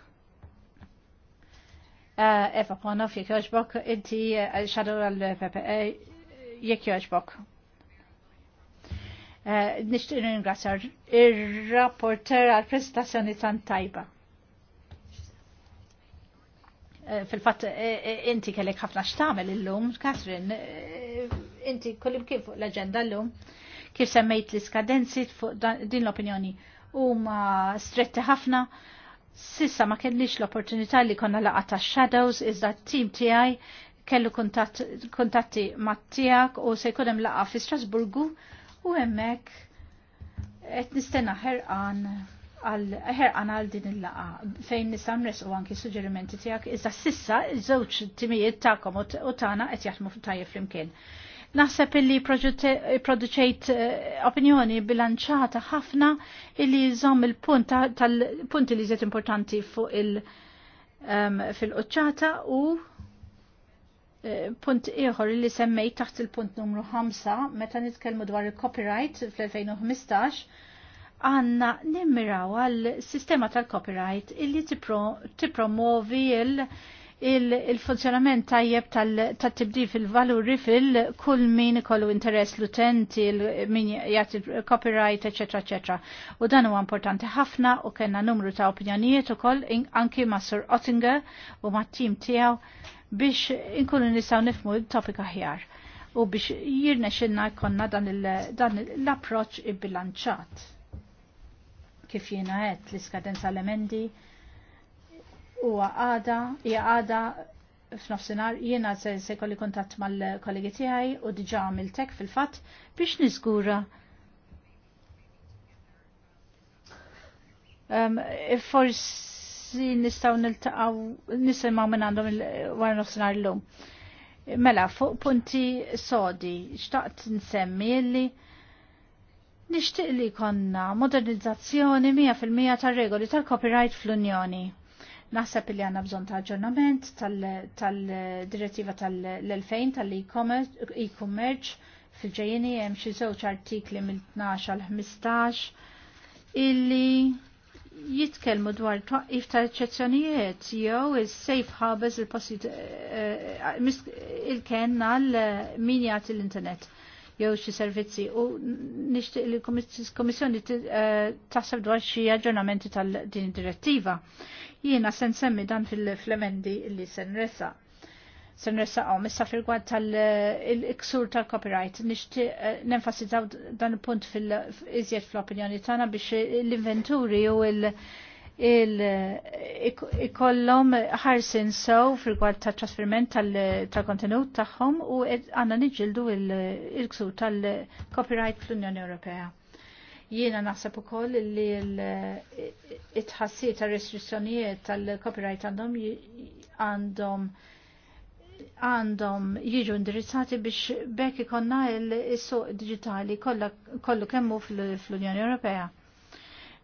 S1: Uh, eh, Eva Panov jek joġbok, inti uh, eh, għal ppa eh, jek joġbok. Uh, Nishtiq ringrazzjar ir-rapporter għal-prestazzjoni tan tajba. Eh, fil-fatt eh, eh, inti kellek ħafna x'tagħmel illum, Catherine, inti kullim kif fuq l-aġenda llum, kif semmejt l-iskadenzi fuq din l-opinjoni huma stretti ħafna. Sissa ma kellix l-opportunità li konna laqa ta' shadows iżda t-tim tiegħi kellu kuntatti mat tiegħek u se jkun hemm laqa fi Strasburgu u hemmhekk qed nistenna ħerqan għal ħerqan għal din il-laqa fejn nistgħu nresqu anki suġġerimenti tiegħek iżda sissa żewġ timijiet tagħkom u tagħna qed jaħdmu tajjeb flimkien. Naħseb illi produċejt eh, opinjoni bilanċata ħafna illi jżomm il-punt tal-punti li żiet importanti fuq il- ehm, fil u eh, punt ieħor li semmejt taħt il-punt numru 5 meta nitkellmu dwar il-copyright fl-2015 għanna nimmiraw għal sistema tal-copyright illi tipromovi il- funzjonament tajjeb tal-tibdi fil-valuri fil-kull min kollu interess l-utenti, min jgħati copyright, ecc. ecc. U dan huwa importanti ħafna u kena numru ta' opinjonijiet u koll anki ma' Sir Ottinger u ma' tim tijaw biex inkunu nisaw nifmu il-topik aħjar u biex jirna xinna konna dan l-approċ il-bilanċat kif jiena għedt l skadenza l-emendi huwa għada, hija għada f'nofsinhar jiena se jkolli kuntatt mal-kollegi tiegħi u diġà għamiltek fil-fatt biex niżgura um, forsi nistgħu niltaqgħu nisimgħu minn għandhom wara nofsinhar llum. Mela, fuq punti sodi, xtaqt nsemmi li Nixtieq li konna modernizzazzjoni 100% tar-regoli tal-copyright fl-Unjoni. Naħseb li għanna bżon ta' aġġornament tal-direttiva tal-2000 tal-e-commerce fil-ġejjeni hemm xi żewġ artikli mill-12 għal 15 illi jitkellmu dwar twaqif ta' eċċezzjonijiet jew is-safe harbors il il għal min jagħti l-internet jew xi servizzi u nixtieq li l-Kummissjoni eh, taħseb dwar xi aġġornamenti tal-din direttiva. Jiena se nsemmi dan fil-flemendi li se nresa. Se nresaqgħu issa fil-gwad tal-iksur tal-copyright nixtieq eh, nenfasizzaw dan il-punt fil-iżjed fl-opinjoni tagħna biex l-inventuri u l- ikollhom ħarsin sew fil-gwad ta' trasferiment tal-kontenut tagħhom u għandna niġġieldu il ksu tal-copyright fl-Unjoni Ewropea. Jiena naħseb ukoll li l-itħassir tar-restrizzjonijiet tal-copyright għandhom għandhom għandhom jiġu indirizzati biex bekk ikonna il-suq digitali kollu kemmu fl-Unjoni Ewropea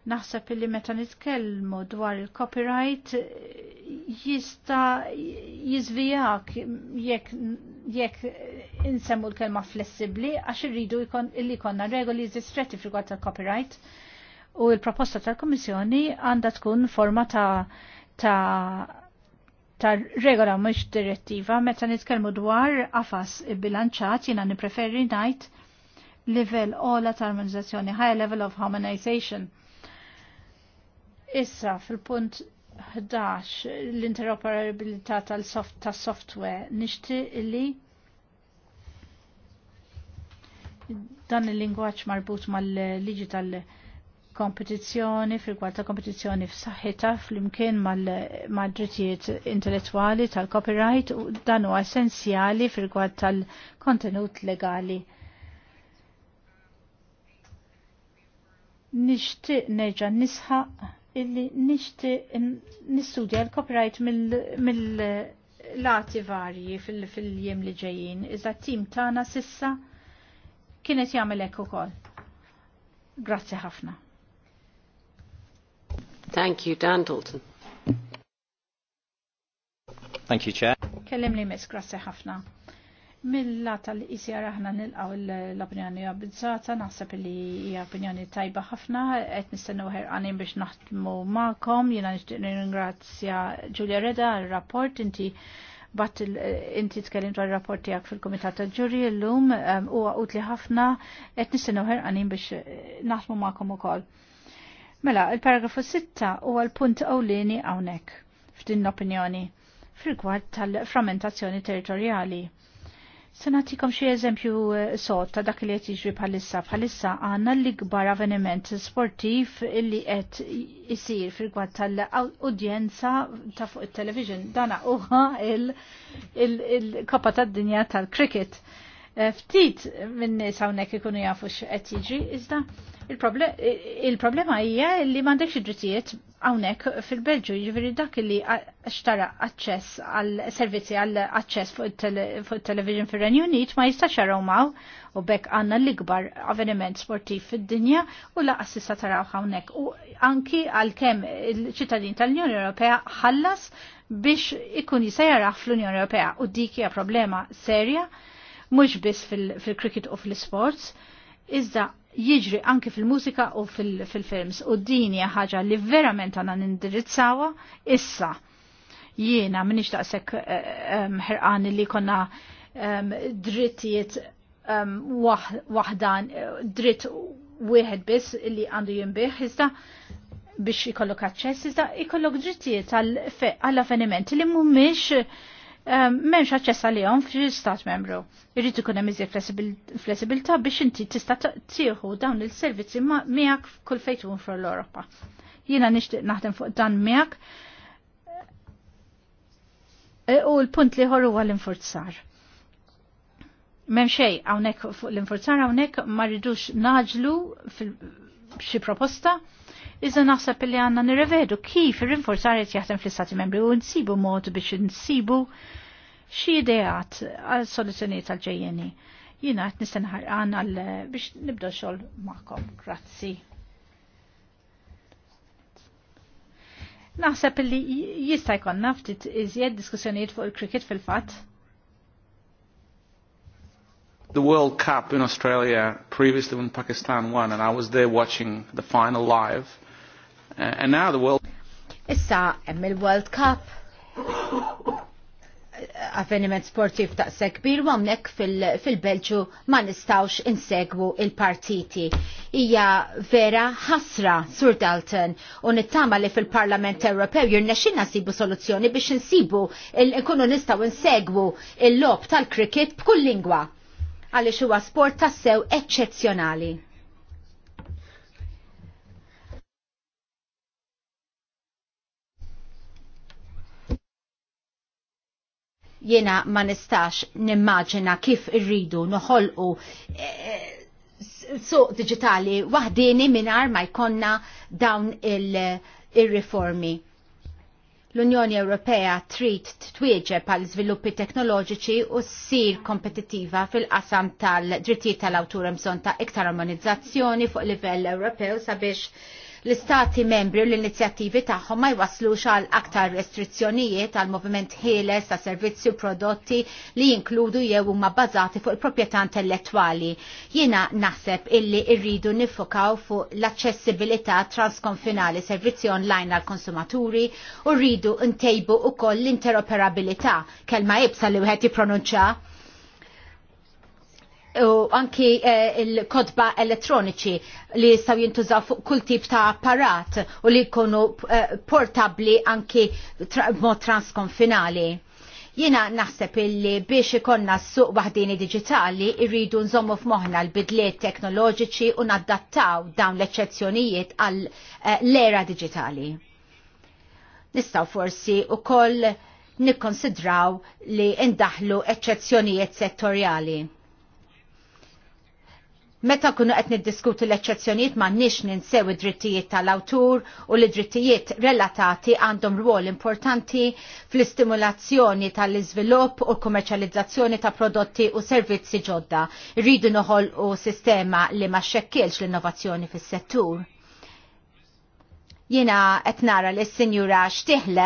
S1: naħseb illi meta nitkellmu dwar il-copyright jista jizvijak jekk jekk insemmu l-kelma flessibli għax irridu illi konna regoli zistretti frigward tal-copyright u l-proposta tal-Komissjoni għandha tkun forma ta' ta' ta' regola mux direttiva meta nitkellmu dwar għafas bilanċat jiena nippreferi ngħid livell ola ta' armonizzazzjoni, high level of harmonization Issa fil-punt 11 l-interoperabilità tal-software ta nixti li dan il-lingwaċ marbut mal-liġi tal-kompetizzjoni, fil-gwar ta' kompetizzjoni f'saħħitha fl-imkien mal-drittijiet intellettuali tal-copyright u dan huwa essenzjali fil-gwar tal-kontenut legali. Nixtieq nerġa' nisħaq illi nishti nistudja l-copyright mill-lati varji fil-jiem li ġejjin. Iżda tim tana sissa kienet jagħmel hekk ukoll. Grazzi ħafna. Thank you, Dan Dalton. Thank you, Chair. Kellem li miss, grazzi ħafna mill tal-ICR aħna nilqaw l-opinjoni abbizzata, naħseb li hija opinjoni tajba ħafna, qed nistennew ħerqanin biex naħdmu magħkom, jiena nixtieq nirringrazzja Julia Reda għal-rapport inti bat inti tkellimt dwar rapport tiegħek fil-Kumitat ta' ġuri llum um, huwa utli ħafna qed nistennew ħerqanin biex eh, naħdmu magħkom ukoll. Mela, il-paragrafu 6 huwa l-punt ewlieni hawnhekk f'din l-opinjoni fil tal-frammentazzjoni territorjali Se nagħtikom xi eżempju eh, sot ta' dak li qed jiġri bħalissa. Bħalissa għandna l-ikbar avveniment sportiv li qed isir fil-gwad tal-udjenza ta' fuq it-television. Dana uħa il-Koppa tad-Dinja tal-Cricket. Eh, ftit minn nies hawnhekk ikunu jafu x'qed jiġri iżda Il-problema hija li m'għandekx id-drittijiet hawnhekk fil-Belġu, jiġifieri dak li xtara aċċess għal servizzi għal aċċess fuq il-television fir-Renju Unit ma jistax maw u bekk għandna l-ikbar avveniment sportiv fid-dinja u laqas issa taraw hawnhekk. U anki għalkemm il-ċittadin tal-Unjoni Ewropea ħallas biex ikun jista' jarah fl-Unjoni Ewropea u dik hija problema serja mhux biss fil-cricket u fl-sports, iżda jiġri anki fil-mużika u fil-films u din hija ħaġa li verament għandna nindirizzawa issa. Jiena minix taqsek eh, eh, ħirqan li konna ehm, drittijiet ehm, waħdan, eh, dritt wieħed biss li għandu jinbih, iżda biex ikollok aċċess, iżda ikollok drittijiet għall-avvenimenti li mhumiex memx aċċess għalihom fil-Stat membru. Irrid ikun hemm iżjed flessibilità biex inti tista' tieħu dawn il-servizzi miegħek kull fejn tkun fl l europa Jiena nixtieq naħdem fuq dan miegħek. E, u l-punt li ħorru huwa l-infurzar. M'hemm xejn hawnhekk fuq l-infurzar hawnhekk ma rridux naġlu fil-xi proposta iżda naħseb li għanna nirrevedu kif rinforzar qed jaħdem fl-Istati Membri u nsibu mod biex nsibu xi ideat għal soluzzjonijiet għal ġejjeni. Jiena qed nistenna ħarqan għal biex nibda xogħol magħkom. Grazzi. Naħseb li jista' jkollna ftit iżjed diskussjonijiet fuq il-cricket fil-fatt.
S3: The World Cup in Australia previously when Pakistan
S1: won and I was there watching the final live Uh, and now the World
S3: Issa hemm il-World Cup avveniment sportiv ta' kbir u għamnek fil-Belġu ma nistawx insegwu il-partiti. Ija vera ħasra, Sur Dalton, u nittama li fil-Parlament Ewropew jirnexin nasibu soluzzjoni biex nsibu kunu nistaw insegwu il-lob tal-kriket b'kull lingwa għalli huwa sport tassew eccezzjonali. Jena ma nistax nimmaġina kif irridu noħolqu eh, suq digitali waħdini minar ma jkonna dawn il-riformi. L-Unjoni Ewropea trid twieġeb għal żviluppi teknoloġiċi u ssir kompetittiva fil-qasam tal-drittijiet tal-awtur bżonn ta' iktar armonizzazzjoni fuq livell Ewropew sabiex l-istati membri u l-inizjattivi tagħhom ma jwaslux għal aktar restrizzjonijiet għal moviment ħieles ta' servizzi u prodotti li jinkludu jew huma bbażati fuq il-proprjetà intellettwali. Jiena naħseb illi rridu nifokaw fuq l-aċċessibilità transkonfinali servizzi online għal konsumaturi u rridu ntejbu ukoll l-interoperabilità kelma ibsa li wieħed jippronunċja u anki eh, il-kodba elettroniċi li jistaw jintużaw fuq kull tip ta' apparat u li jkunu eh, portabli anki mod transkonfinali. Jina naħseb illi biex ikonna s-suq waħdini digitali irridu nżommu f'moħna l-bidliet teknoloġiċi u naddattaw dawn l-eċezzjonijiet għall-era eh, digitali. Nistaw forsi u koll nikkonsidraw li indaħlu eċezzjonijiet settorjali Meta kunu qed niddiskuti l-eċċezzjonijiet m'għandniex ninsew id-drittijiet tal-awtur u l-drittijiet relatati għandhom rwol importanti fl-istimulazzjoni tal-iżvilupp u l-kummerċjalizzazzjoni ta' prodotti u servizzi ġodda. Rridu noħol u sistema li ma xekkilx l-innovazzjoni fis-settur. Jina qed nara li s-Sinjura xtiħle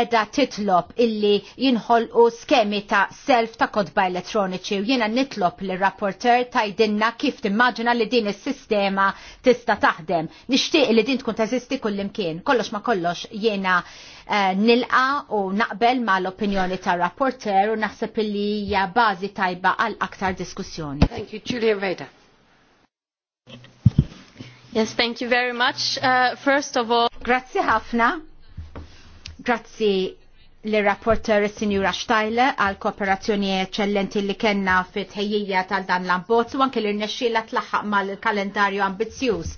S3: edha titlob illi jinħolqu skemi ta' self ta' kodba elettroniċi u jiena nitlob li rapporter tajdinna kif timmaġina li din is-sistema tista' taħdem. Nixtieq li din tkun teżisti kullimkien. Kollox ma kollox jiena eh, nilqa u naqbel ma l-opinjoni ta' rapporter u naħseb illi hija bażi tajba għal aktar diskussjoni. Thank you, Julia Reda. Yes, thank you very much. Uh, first of all... Grazie ħafna. Grazie l-rapporter Sinjura Stajle għal kooperazzjoni eccellenti li kenna fit ħejjija tal dan l ambot u anke li rnexxiela tlaħħaq mal-kalendarju ambizzjuż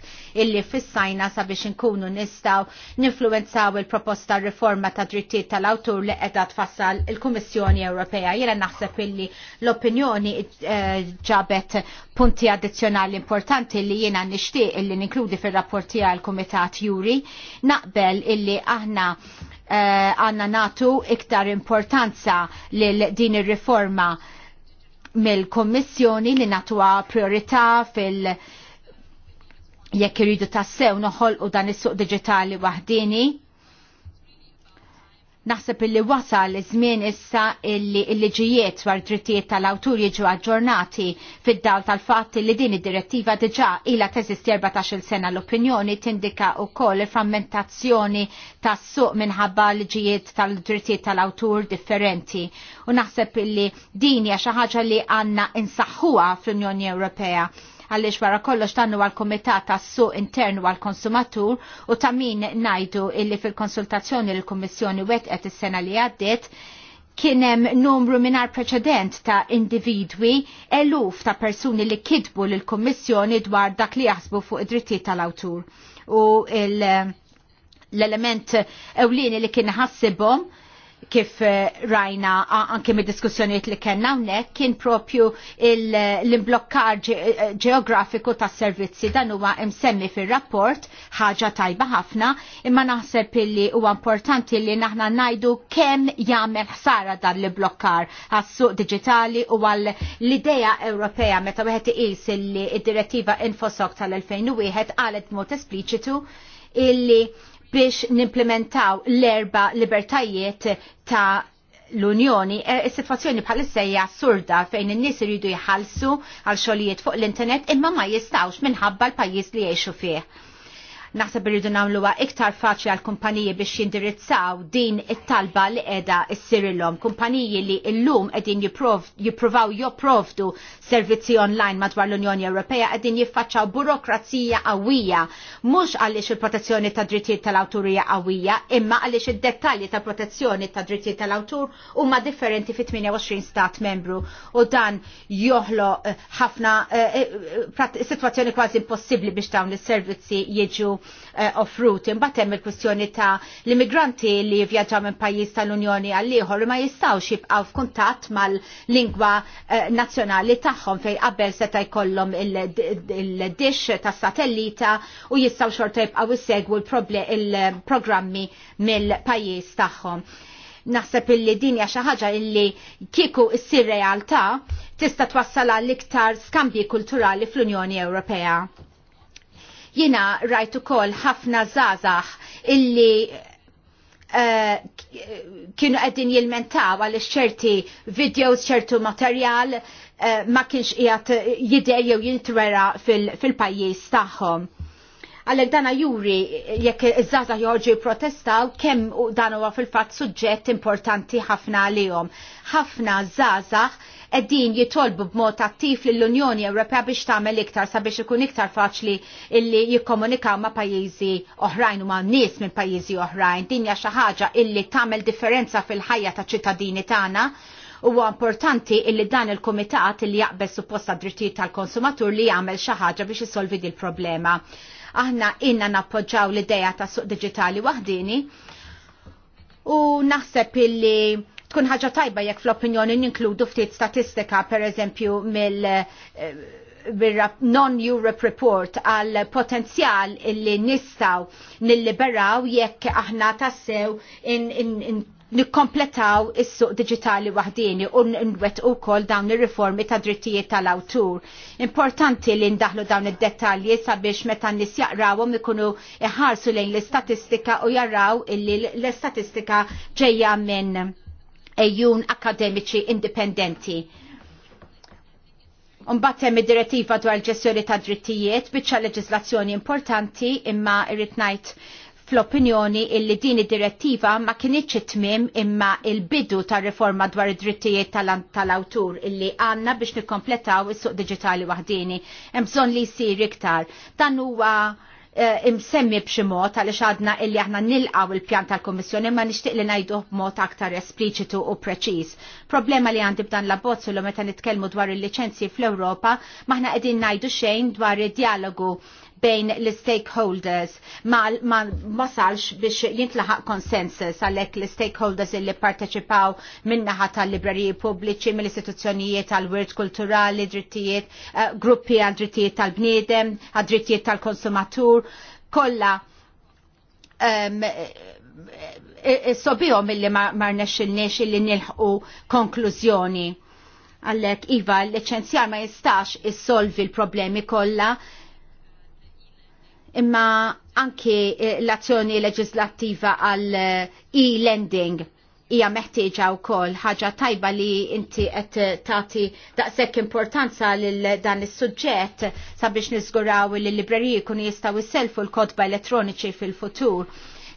S3: illi fissajna sabiex inkunu nistaw ninfluenzaw il-proposta riforma ta' drittijiet tal-awtur li qiegħda tfassal il-Kummissjoni Ewropea. Jiena naħseb illi l-opinjoni eh, ġabet punti addizzjonali importanti li jiena nixtieq illi ninkludi fir-rapporti għal Kumitat Juri naqbel illi aħna Eh, għanna natu iktar importanza lil din ir-riforma mill-Kommissjoni li natuwa priorità fil- jekk iridu tassew noħol u dan is-suq digitali waħdini Naħseb illi wasal iż-żmien issa illi l-liġijiet dwar drittijiet tal-awtur jiġu aġġornati fid-dawl tal-fatt li din id-direttiva diġa' ilha teżisti 14-il sena l-opinjoni tindika wkoll il-frammentazzjoni tas-suq minħabba liġijiet tal-drittijiet tal-awtur differenti. U naħseb illi din hija xi ħaġa li għandna insaħħuha fl-Unjoni Ewropea għaliex wara kollox tannu għal-Kumitat tas-Suq Internu għal-Konsumatur u ta' min najdu illi fil-konsultazzjoni l-Kummissjoni wetqet is-sena li għaddiet kienem numru minar preċedent ta' individwi, eluf ta' persuni li kidbu l-Kommissjoni dwar dak li jaħsbu fuq id-drittijiet tal-awtur. U l-element ewlieni li kien ħassibhom kif eh, rajna anke mid diskussjoniet li kellna hawnhekk kien propju l-imblokkar ġeografiku eh, tas servizzi dan huwa msemmi fir-rapport ħaġa tajba ħafna imma naħseb illi huwa importanti li naħna ngħidu kemm jagħmel ħsara dan l-imblokkar għas-suq diġitali u għall l-idea Ewropea meta wieħed iqis illi d direttiva Infosok tal-2001 qalet mod espliċitu illi biex nimplementaw l-erba libertajiet ta' l-Unjoni, e, situazzjoni bħal-sejja surda fejn in-nies iridu jħallsu għal xogħlijiet fuq l-internet imma ma jistawx minħabba l-pajjiż li jgħixu fih Naħseb irridu nagħmluha iktar faċli għal kumpaniji biex jindirizzaw din it-talba li qiegħda ssirilhom. Kumpaniji li llum qegħdin jippruvaw jopprovdu servizzi online madwar l-Unjoni Ewropea qegħdin jiffaċċaw burokrazija qawwija mhux għaliex il-protezzjoni ta' drittijiet tal-awturija qawwija, imma għaliex id-dettalji ta' protezzjoni ta' drittijiet tal-awtur huma differenti fit 28 stat membru u dan joħlo eh, ħafna sitwazzjoni eh, eh, situazzjoni kważi impossibbli biex dawn is-servizzi jiġu Eh, offrut. Imbagħad hemm il-kwistjoni ta' l-immigranti li vjaġġaw minn pajjiż tal-Unjoni għal ieħor ma jistgħux jibqgħu f'kuntatt mal-lingwa eh, nazzjonali tagħhom fejn qabel seta' jkollhom il-dix tas satellita u jistgħu xorta jibqgħu jsegwu il-programmi mill-pajjiż tagħhom naħseb illi din hija xi ħaġa illi kieku issir realtà tista' twassal għall iktar skambji kulturali fl-Unjoni Ewropea. Jina rajt ukoll ħafna zazax illi uh, kienu qegħdin jilmentaw għal ċerti videos, ċertu materjal uh, ma kienx qiegħed jidher jew jintwera fil-pajjiż fil tagħhom għallek dana juri jekk iż-żaza jorġu protestaw kemm dan huwa fil-fatt suġġett importanti ħafna għalihom. Ħafna żazax eddin jitolbu b'mod attiv lill-Unjoni Ewropea biex tagħmel iktar sabiex ikun iktar faċli illi jikkomunikaw ma' pajjiżi oħrajn u ma' nies minn pajjiżi oħrajn. Din hija xi ħaġa illi tagħmel differenza fil-ħajja ta' ċittadini tagħna huwa importanti illi dan il kumitat illi jaqbel supposta drittijiet tal-konsumatur li jagħmel xi ħaġa biex isolvi din il problema. Aħna inna nappoġġaw l-idea ta' suq digitali waħdini u naħseb illi tkun ħaġa tajba jekk fl-opinjoni ninkludu ftit statistika per eżempju mill eh, non-Europe report għal potenzjal illi nistaw nilliberaw jekk aħna tassew nikkompletaw is-suq digitali waħdini u nwet u kol dawn ir-riformi ta' drittijiet tal-awtur. Importanti li ndaħlu dawn id-dettalji sabiex meta nis jaqrawhom ikunu iħarsu lejn l-istatistika u jarraw illi l-istatistika ġejja minn ejjun akademiċi indipendenti. Unbattem id-direttiva dwar ġestjoni ta' drittijiet biċċa leġislazzjoni importanti imma irrid ngħid fl-opinjoni illi din id-direttiva ma kienieċ it-tmim imma il-bidu ta' riforma dwar id-drittijiet tal-awtur tal illi għanna biex nikkompletaw is-suq digitali waħdini. Hemm bżonn li jsir iktar. Dan huwa Eh, imsemmi b'xi mod għaliex għadna illi aħna nilqaw il-pjan tal-Kommissjoni ma nixtieq li ngħidu b'mod aktar espliċitu u preċiż. Problema li għandi b'dan l-abbozz u meta nitkellmu dwar il-liċenzji fl-Ewropa maħna qegħdin ngħidu xejn dwar id-dialogu bejn l-stakeholders ma, ma, ma salx biex jintlaħaq konsensus għalek l-stakeholders illi parteċipaw minnaħa tal-libreriji pubbliċi, mill-istituzzjonijiet tal wirt kulturali, drittijiet, uh, gruppi għal-drittijiet tal-bniedem, għal-drittijiet tal-konsumatur, kolla um, eh, eh, sobijom illi marnex il-nex illi nilħu konklużjoni għallek iva l-licenzjar ma jistax issolvi l-problemi kolla imma anki eh, l-azzjoni leġislattiva għal eh, e-lending hija meħtieġa wkoll ħaġa tajba li inti qed tagħti daqshekk importanza lil dan is-suġġett sabiex niżguraw li l-libreriji jkunu jistgħu jisselfu l-kodba elettroniċi fil-futur.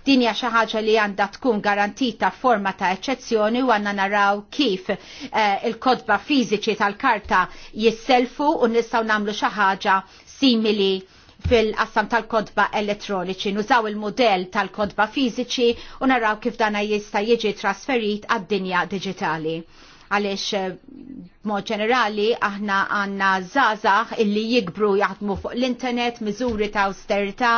S3: Din hija xi ħaġa li għandha tkun garantita forma ta' eċċezzjoni u għandna naraw kif eh, il-kodba fiżiċi tal-karta jisselfu u nistgħu nagħmlu xi ħaġa simili fil-qassam tal-kodba elettroniċi. Nużaw il-modell tal-kodba fiżiċi u naraw kif dana jista' jiġi trasferit għad-dinja digitali għalix eh, mod ġenerali aħna għanna zazax illi jikbru jaħdmu fuq l-internet, miżuri ta' austerita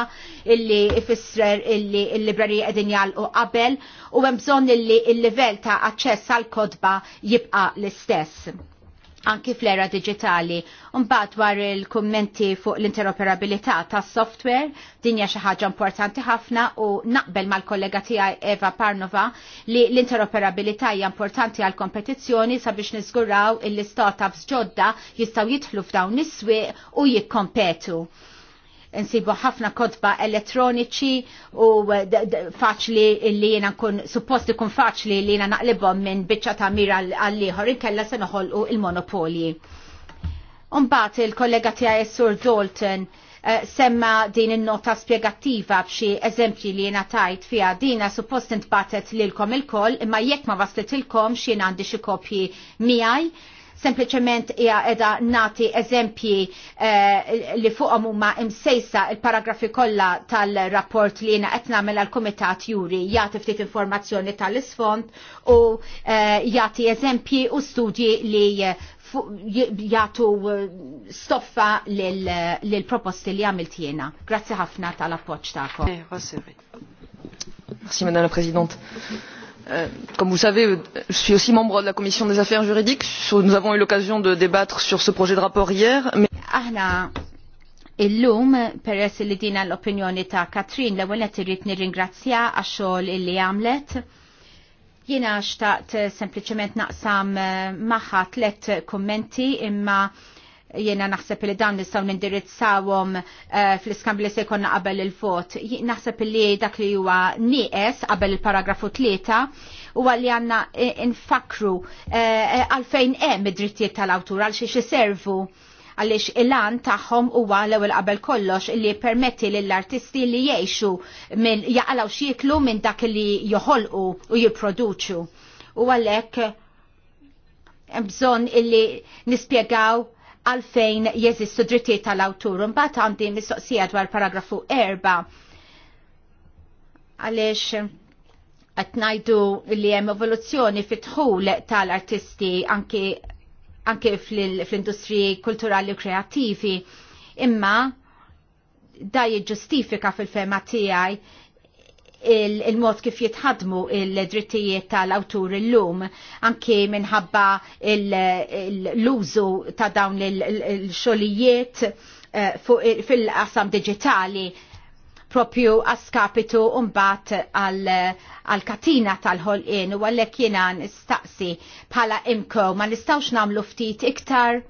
S3: illi ifisser illi l-librari edinjal u qabel u hemm bżonn illi il-livell ta' aċċess għal kodba jibqa l-istess anki fl-era digitali. Mbagħad dwar il-kummenti fuq l-interoperabilità tas software din hija xi ħaġa importanti ħafna u naqbel mal-kollega tiegħi Eva Parnova li l-interoperabilità hija importanti għal kompetizzjoni sabiex niżguraw il-startups ġodda jistgħu jidħlu f'dawn is-swieq u jikkompetu nsibu ħafna kodba elettroniċi u faċli li jena kun, suppost ikun faċli li jena naqlibom minn bicċa ta' mira għall inkella se noħolqu il-monopolji. Umbat il-kollega tiegħi Sur Dalton eh, semma din in-nota spjegattiva b'xi eżempji li jena tajt fiha dina suppost intbatet lilkom il-koll imma jekk ma waslitilkom xin għandi xi kopji miegħi sempliċement hija qiegħda nagħti eżempji eh, li fuqhom huma imsejsa il-paragrafi kollha tal-rapport li jiena qed nagħmel għall-Kumitat Juri jagħti ftit informazzjoni tal-isfond u eh, jagħti eżempji u studji li eh, jagħtu stoffa lill-proposti li għamilt jiena. Grazzi ħafna tal-appoġġ tagħkom. Grazie
S2: Madame la Présidente.
S3: Euh, comme vous le savez je suis aussi membre de la commission des affaires juridiques nous avons
S2: eu l'occasion de débattre sur ce projet de rapport hier mais
S3: Aħna illum peress li dina l-opinjoni ta' Katrin l-ewwel qed irrid nirringrazzja għax-xogħol illi għamlet. Jiena xtaqt sempliċement naqsam eh, magħha tliet kummenti imma Jena naħseb li dan nistgħu nindirizzawhom eh, fl-iskamb li se jkollna qabel il-vot. Naħseb li dak li huwa nieqes qabel il-paragrafu tlieta u għalli għanna eh, infakru eh, għalfejn hemm id-drittijiet tal-awtur għal xiex iservu għalix il-għan taħħom u għal ewel qabel kollox li permetti l-artisti li jiexu minn jaqalaw xieklu minn dak li joħolqu u jiproduċu. U għalek bżon illi nispiegaw għalfejn jeżistu drittijiet tal-awtur. Mbagħad għandi mistoqsija dwar paragrafu erba' għaliex qed ngħidu li hemm evoluzzjoni fit-tħul tal-artisti anke anke fl-industriji kulturali u kreattivi, imma da jiġġustifika fil-fema tiegħi il-mod kif jitħadmu il-drittijiet tal-awtur il-lum, anki minħabba l-użu ta' dawn il-xolijiet eh, fil-qasam digitali propju għaskapitu umbat għal-katina tal-ħolqin u għallek jena nistaqsi bħala imko ma nistawx namlu ftit iktar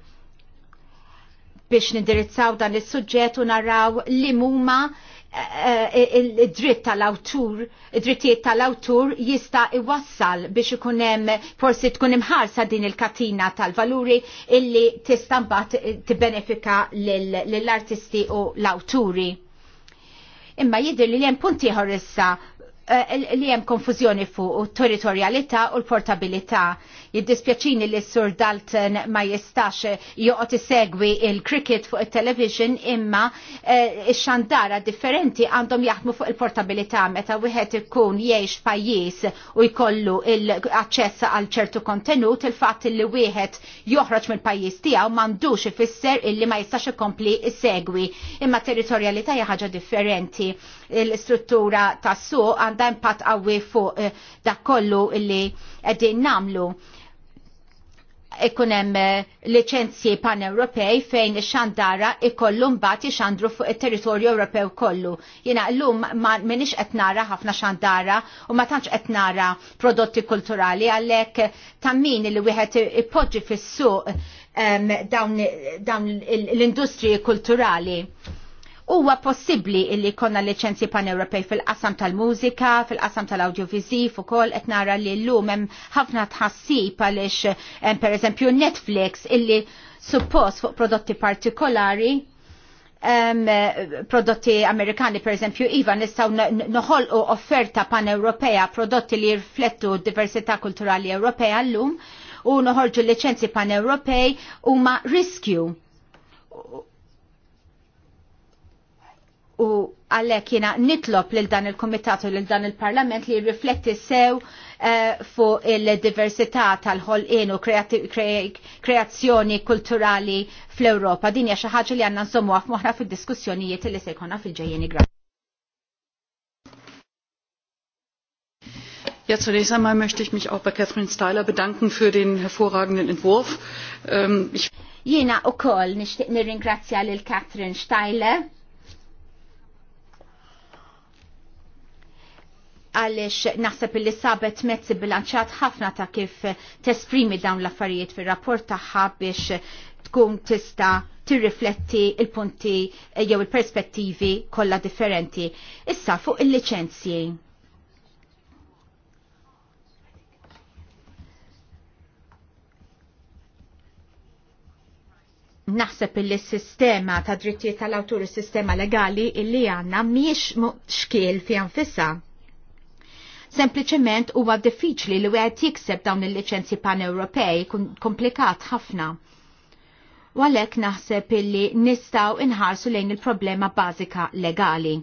S3: biex nindirizzaw dan is-suġġett u naraw li muma Eh, eh, il-dritt tal-awtur, id-drittijiet tal-awtur jista' iwassal biex ikun hemm forsi tkun imħarsa din il-katina tal-valuri illi tista' mbagħad eh, tibbenefika lill-artisti u l-awturi. Imma jidher li hemm punti issa Eh, li hemm konfużjoni fuq territorjalità u l-portabilità. Jiddispjaċini li s-sur Dalton ma jistax joqgħod isegwi il-cricket fuq il-television imma eh, il xandara differenti għandhom jaħdmu fuq il-portabilità meta wieħed ikun jgħix pajjiż u jkollu l-aċċess għal ċertu kontenut il fat li wieħed joħroġ mill-pajjiż tiegħu m'għandux ifisser illi ma jistax ikompli segwi imma territorjalità hija ħaġa differenti. L-istruttura tas-suq għanda impatt qawwi fuq eh, dak kollu illi qegħdin namlu ikunem eh, licenzji pan-Ewropej fejn xandara ikollu mbagħad xandru fuq it-territorju Ewropew kollu. Jina llum ma minix qed nara ħafna xandara u ma tantx qed nara prodotti kulturali għalhekk tammin li wieħed ipoġġi fis-suq ehm, dawn l-industriji kulturali. Huwa possibbli illi konna liċenzji pan-Ewropej fil-qasam tal-mużika, fil-qasam tal-audiovisiv ukoll qed nara li llum hemm ħafna tħassib għaliex pereżempju Netflix illi suppost fuq prodotti partikolari um, prodotti Amerikani pereżempju iva nistgħu noħolqu offerta pan europea prodotti li jirflettu d-diversità kulturali Ewropea llum u noħorġu licenzi pan-Ewropej huma riskju U għallek jena nitlob lil dan il u lil dan il-parlament li rifletti sew uh, eh, fu il-diversità tal-ħolqin u kreazzjoni kulturali fl-Europa. Din hija xi ħaġa li għandna nsommu għaf fid-diskussjonijiet li se
S1: jkollna fil-ġejjeni gra. Ja, zunächst einmal möchte ich mich auch bei Catherine Styler bedanken für den hervorragenden Entwurf. Ähm, ich
S3: Jena u koll nishtiq nirringrazzja lil Catherine Steiler għalix naħseb li sabet mezzi bilanċat ħafna ta' kif tesprimi dawn l-affarijiet fil-rapport tagħha biex tkun tista tirrifletti il-punti eh, jew il-perspettivi kollha differenti. Issa fuq il-liċenzji. naħseb illi s-sistema ta' drittijiet tal-awtur, s-sistema legali illi għanna miex xkiel fi anfissa. Sempliċement huwa diffiċli li wieħed jikseb dawn il-liċenzji pan-Ewropej komplikat ħafna. U għalhekk naħseb illi nistgħu inħarsu lejn il-problema bażika legali.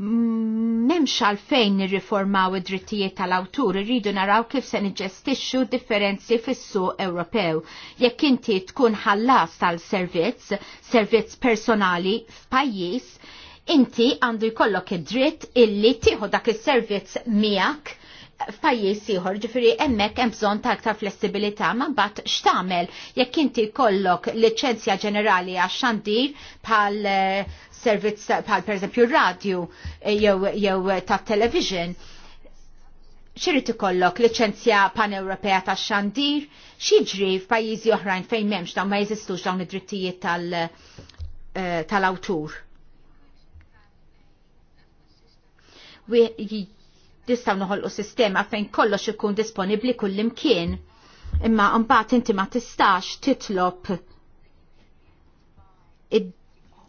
S3: Mm, m'hemmx għalfejn nirriformaw id-drittijiet tal-awtur, irridu naraw kif se niġestixxu differenzi fis-suq Ewropew. Jekk inti tkun ħallas tal-servizz, servizz personali f'pajjiż, inti għandu jkollok id-dritt illi tieħu dak is-servizz miegħek f'pajjiż ieħor, ġifieri hemmhekk hemm bżonn ta' aktar flessibilità, ma mbagħad x'tagħmel jekk inti jkollok liċenzja ġenerali għax xandir bħal eh, servizz bħal pereżempju radio eh, jew jew tat-television xirrit ikollok liċenzja pan-Ewropea ta' xandir, xieġri f'pajjiżi oħrajn fejn memx dawn ma jeżistux dawn id-drittijiet eh, tal-awtur. nistaw noħolqu sistema fejn kollox ikun disponibli kullimkien. Imma mbagħad inti ma tistax titlob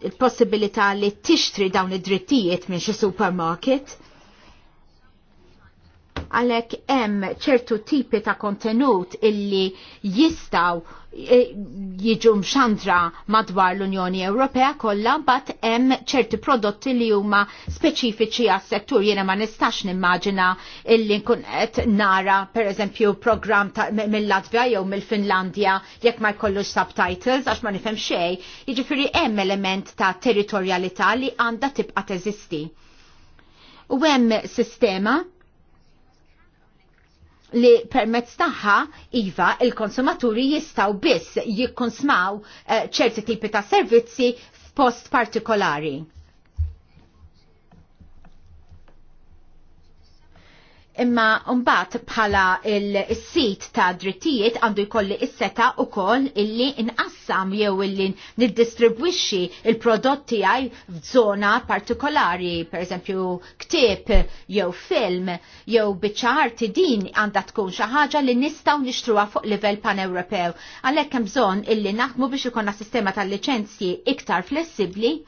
S3: il-possibilità li tixtri dawn id-drittijiet minn xi supermarket għalhekk hemm ċertu tipi ta' kontenut illi jistaw eh, jiġu mxandra madwar l-Unjoni Ewropea kollha bat hemm ċerti prodotti li huma speċifiċi għas-settur jiena ma nistax nimmaġina illi nkun qed nara pereżempju programm mill-Latvja jew mill-Finlandja jekk ma jkollux subtitles għax ma nifhem xejn, jiġifieri hemm element ta' territorjalità li għandha tibqa' teżisti. U hemm sistema li permezz taħħa iva il-konsumaturi jistaw biss jikkonsmaw eh, ċerti tipi ta' servizzi f'post partikolari. imma mbagħad bħala il-sit ta' drittijiet għandu jkolli is-seta wkoll illi inqassam jew illi niddistribwixxi il-prodotti għaj f'żona partikolari, pereżempju ktieb jew film jew biċċa din għandha tkun xi ħaġa li nistgħu nixtruha fuq livell pan-Ewropew. Għalhekk hemm bżonn illi naħdmu biex ikonna sistema tal-liċenzji iktar flessibbli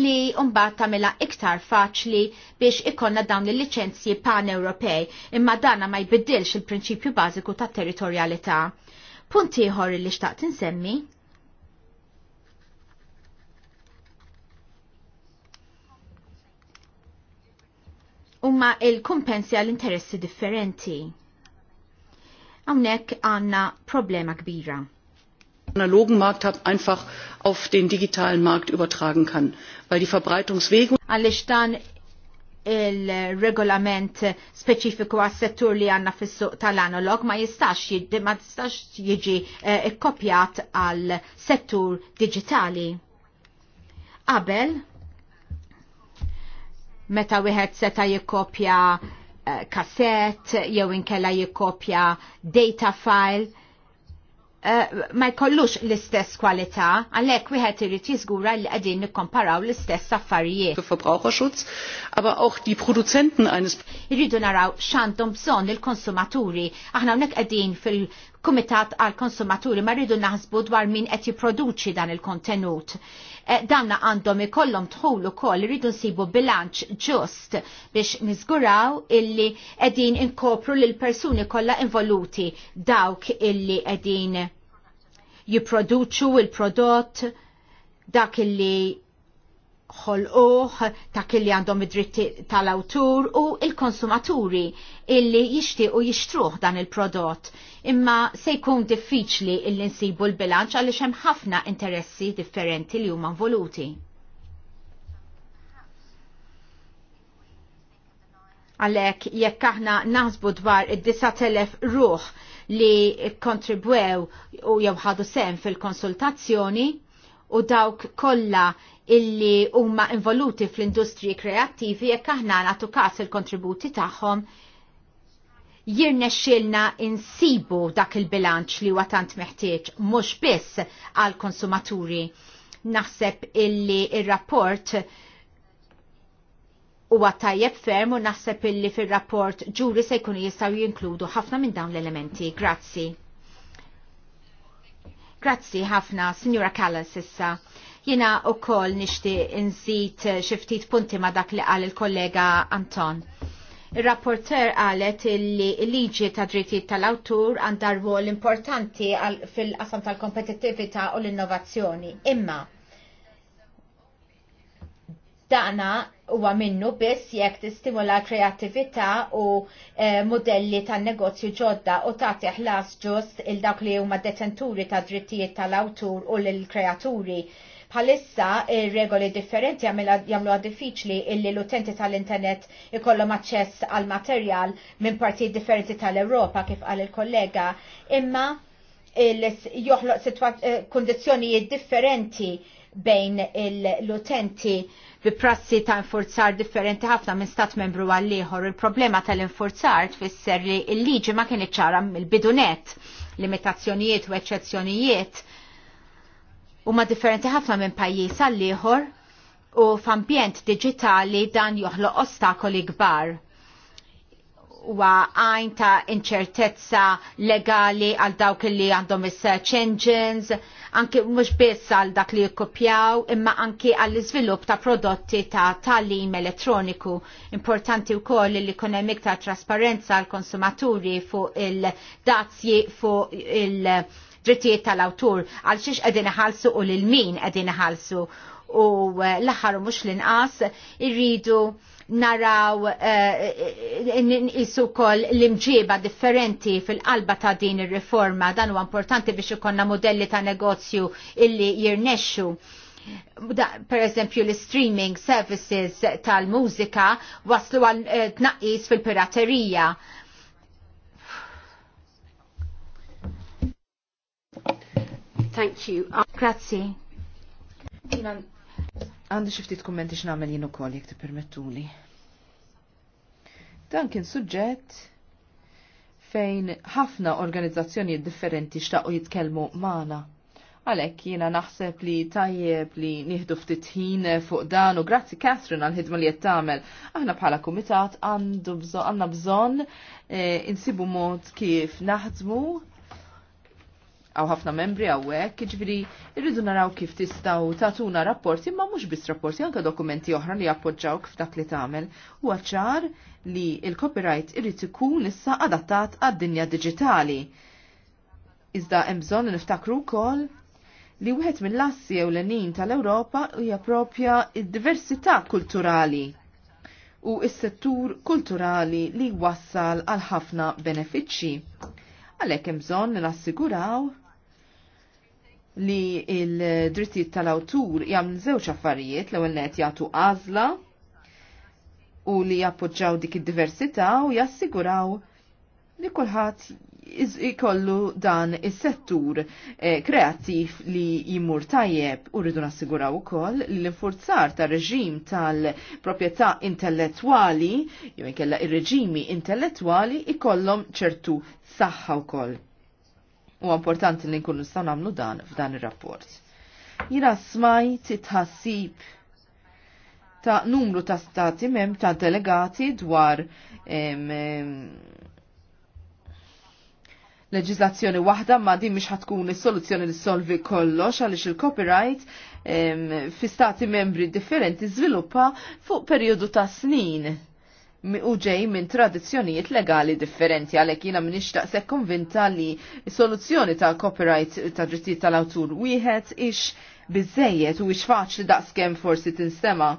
S3: li mbagħad tagħmilha iktar faċli biex ikonna dawn il-liċenzji pan-Ewropej, imma dana ma jbiddilx il-prinċipju bażiku tat-territorjalità. Punt ieħor li xtaqt insemmi umma il-kumpensi għal interessi differenti. Għonek għanna problema kbira
S1: analogen Markt hat, einfach auf den digitalen Markt übertragen kann. Weil die Verbreitungswege... Għalix dan
S3: il-regolament speċifiku għas settur li għanna fissu tal-analog ma jistax ma jistax jiġi eh, kopjat għal settur digitali. Qabel, meta wieħed seta jikkopja eh, kaset jew inkella jikkopja data file, Eh, ma jkollux l-istess kwalità, għalhekk wieħed irid jiżgura li qegħdin nikkomparaw l-istess affarijiet. Verbraucherschutz, aber auch die Produzenten eines Irridu naraw x'għandhom bżonn il-konsumaturi. Aħna hawnhekk qegħdin fil kumitat għal konsumaturi ma rridu naħsbu dwar min qed jipproduċi dan il-kontenut. E, Danna għandhom ikollhom tħul ukoll rridu nsibu bilanċ ġust biex niżguraw illi qegħdin inkopru lil persuni kollha involuti dawk illi qegħdin jipproduċu il-prodott dak illi ħolquh ta' kelli għandhom id-dritti tal-awtur u il-konsumaturi illi jixtiequ jixtruh dan il-prodott imma se jkun diffiċli illi nsibu l-bilanċ għaliex hemm ħafna interessi differenti li huma involuti. għalek jekk aħna naħsbu dwar id-9000 ruħ li kontribwew u jewħadu sem fil-konsultazzjoni u dawk kollha illi huma involuti fl-industriji kreattivi jekk aħna nagħtu każ il-kontributi tagħhom xilna insibu dak il-bilanċ li huwa tant meħtieġ mhux biss għal konsumaturi. Naħseb illi il rapport u huwa tajjeb ferm u naħseb illi fir-rapport ġuri se jkunu jistgħu jinkludu ħafna minn dawn l-elementi. Grazzi. Grazzi ħafna, Signora Callas issa. Jina u koll nishti nżid xiftit punti ma dak li qal il-kollega Anton Il-rapporter għalet li liġi ta' drittijiet tal-awtur għandha rwol importanti fil-qasam tal-kompetittività u l-innovazzjoni. Imma dana huwa minnu biss jekk tistimula kreattività u eh, modelli tan negozju ġodda u ta' ħlas ġust il dawk li huma detenturi ta' drittijiet tal-awtur u l-kreaturi. l kreaturi Bħalissa eh, regoli differenti jagħmlu diffiċli illi l-utenti tal-internet ikollhom aċċess għal materjal minn partijiet differenti tal-Ewropa kif qal il-kollega, imma il joħloq eh, kondizzjonijiet differenti bejn l-utenti bi prassi ta' infurzar differenti ħafna minn stat membru għal ieħor. Il-problema tal-infurzar tfisser li l-liġi ma kien ċara mill-bidunet, limitazzjonijiet u eċċezzjonijiet huma differenti ħafna minn pajjiż għall ieħor u f'ambjent diġitali dan joħloq ostakoli kbar huwa għajn ta' inċertezza legali għal dawk li għandhom is-search engines, anki mhux biss għal dak li jikkupjaw, imma anki għall iżvilupp ta' prodotti ta' tal-lim elettroniku. Importanti wkoll li jkun hemm iktar trasparenza għal konsumaturi fuq il-dazji fuq il-drittijiet tal-awtur għal xiex qegħdin iħallsu u lil min qegħdin iħallsu u eh, l-aħħar mhux l-inqas irridu naraw
S1: eh,
S3: nqisu kol l-imġiba differenti fil-qalba ta' din ir-riforma dan huwa importanti biex ikonna modelli ta' negozju illi jirnexxu. Per eżempju, l-streaming services tal-mużika waslu għal eh, tnaqqis fil-piraterija. Thank you. Grazie.
S2: Għandi xi ftit kummenti x'nagħmel jien ukoll jekk tippermettuli. Dan kien suġġett fejn ħafna organizzazzjonijiet differenti xtaqgħu jitkellmu magħna. Għalhekk jiena naħseb li tajjeb li nieħdu ftit ħin fuq dan u grazzi Catherine għal ħidma li qed tagħmel. Aħna bħala kumitat għandu bżonn għandna bżonn eh, insibu mod kif naħdmu għaw ħafna membri għawek, ġviri irridu naraw kif tistaw tatuna rapporti, ma mux bis rapporti, anka dokumenti oħra li appoġġaw kif dak li tamel. U għacċar li il-copyright irrid ikun issa adattat għad-dinja digitali. Iżda hemm bżonn niftakru wkoll li wieħed mill-assi ewlenin tal-Ewropa hija propja id-diversità kulturali u s-settur kulturali li wassal għal ħafna benefiċċji. Għalhekk hemm bżonn nassiguraw li il-drittijiet tal-awtur jagħmlu żewġ affarijiet l-ewwel net jagħtu għażla u li jappoġġaw dik id-diversità u jassiguraw li kulħadd ikollu dan is-settur eh, kreattiv li jimur tajjeb u rridu nassiguraw ukoll li l-infurzar ta' reġim tal-proprjetà intellettwali jew inkella ir-reġimi intellettwali ikollhom ċertu saħħa wkoll U importanti li nkunu nistgħu nagħmlu dan f'dan ir-rapport. Jina smajt it-ħassib ta' numru ta' stati mem ta' delegati dwar em, em, leġizlazzjoni waħda ma din mhix ħatkun is-soluzzjoni li solvi kollox għaliex il-copyright fi stati membri differenti żviluppa fuq perjodu ta' snin uġej minn tradizzjonijiet legali differenti għalhekk jiena m'iniex taqsek konvinta li soluzzjoni ta' copyright ta' drittijiet tal-awtur wieħed ix bizzejiet u ix faċli daqskemm forsi tinsema'.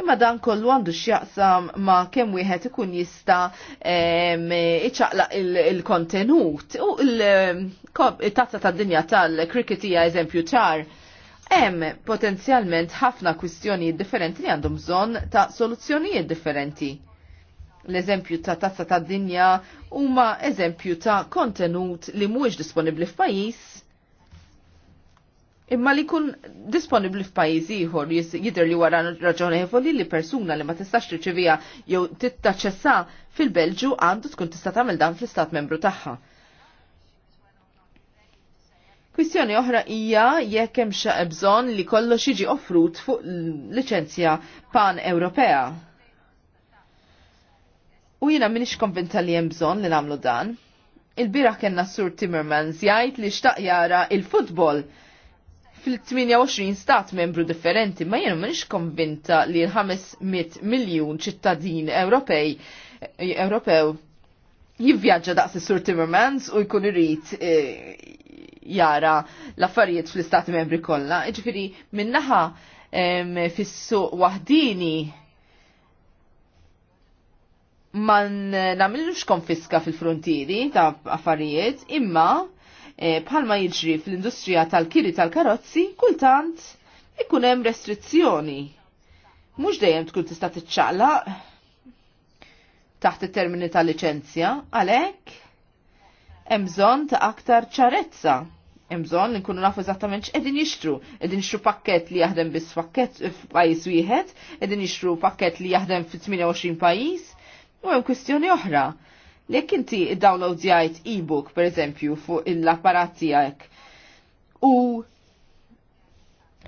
S2: imma dan kollu għandu x'jaqsam ma kemm wieħed ikun jista iċaqlaq il-kontenut u il-tazza tad-dinja tal-cricket hija eżempju ċar hemm potenzjalment ħafna kwistjonijiet differenti li għandhom bżonn ta' soluzzjonijiet differenti. L-eżempju ta' tazza ta' dinja huma eżempju ta' kontenut li mhuwiex disponibbli f'pajjiż imma li kun disponibli f'pajjiż ieħor jidher li wara raġonevoli li persuna li ma tistax tirċivija jew tittaċċessa fil-Belġu għandu tkun tista' tagħmel dan fl-istat membru tagħha. Kwistjoni oħra hija jekk hemm xi bżonn li kollox jiġi offrut fuq liċenzja pan-Ewropea. U jiena m'iniex konvinta li hemm bżonn li nagħmlu dan. il bira kellna Sur Timmermans jgħid li xtaq jara il-futbol fil-28 stat membru differenti, ma jenu minix konvinta li l-500 miljon ċittadin Ewropej Ewropew jivvjaġġa daqs is-Sur Timmermans u jkun irid e, jara l-affarijiet fl-istati membri kollha. Jiġifieri minnaħa fis-suq waħdini ma nagħmilux konfiska fil-frontieri ta' affarijiet, imma e, bħalma jiġri fl-industrija tal-kiri tal-karozzi, kultant ikun hemm restrizzjoni. Mhux dejjem tkun tista' tiċċaqlaq taħt it-termini ta' liċenzja, għalhekk hemm bżonn ta' aktar ċarezza. Hemm bżonn li nkunu nafu eżattament x'qegħdin jixtru. Qegħdin jixtru pakkett li jaħdem biss pakket eh, f'pajjiż wieħed, qegħdin jixtru pakkett li jaħdem fi 28 pajjiż, u hemm kwistjoni oħra. Jekk inti id-download jgħid e-book pereżempju fuq l-apparat tiegħek u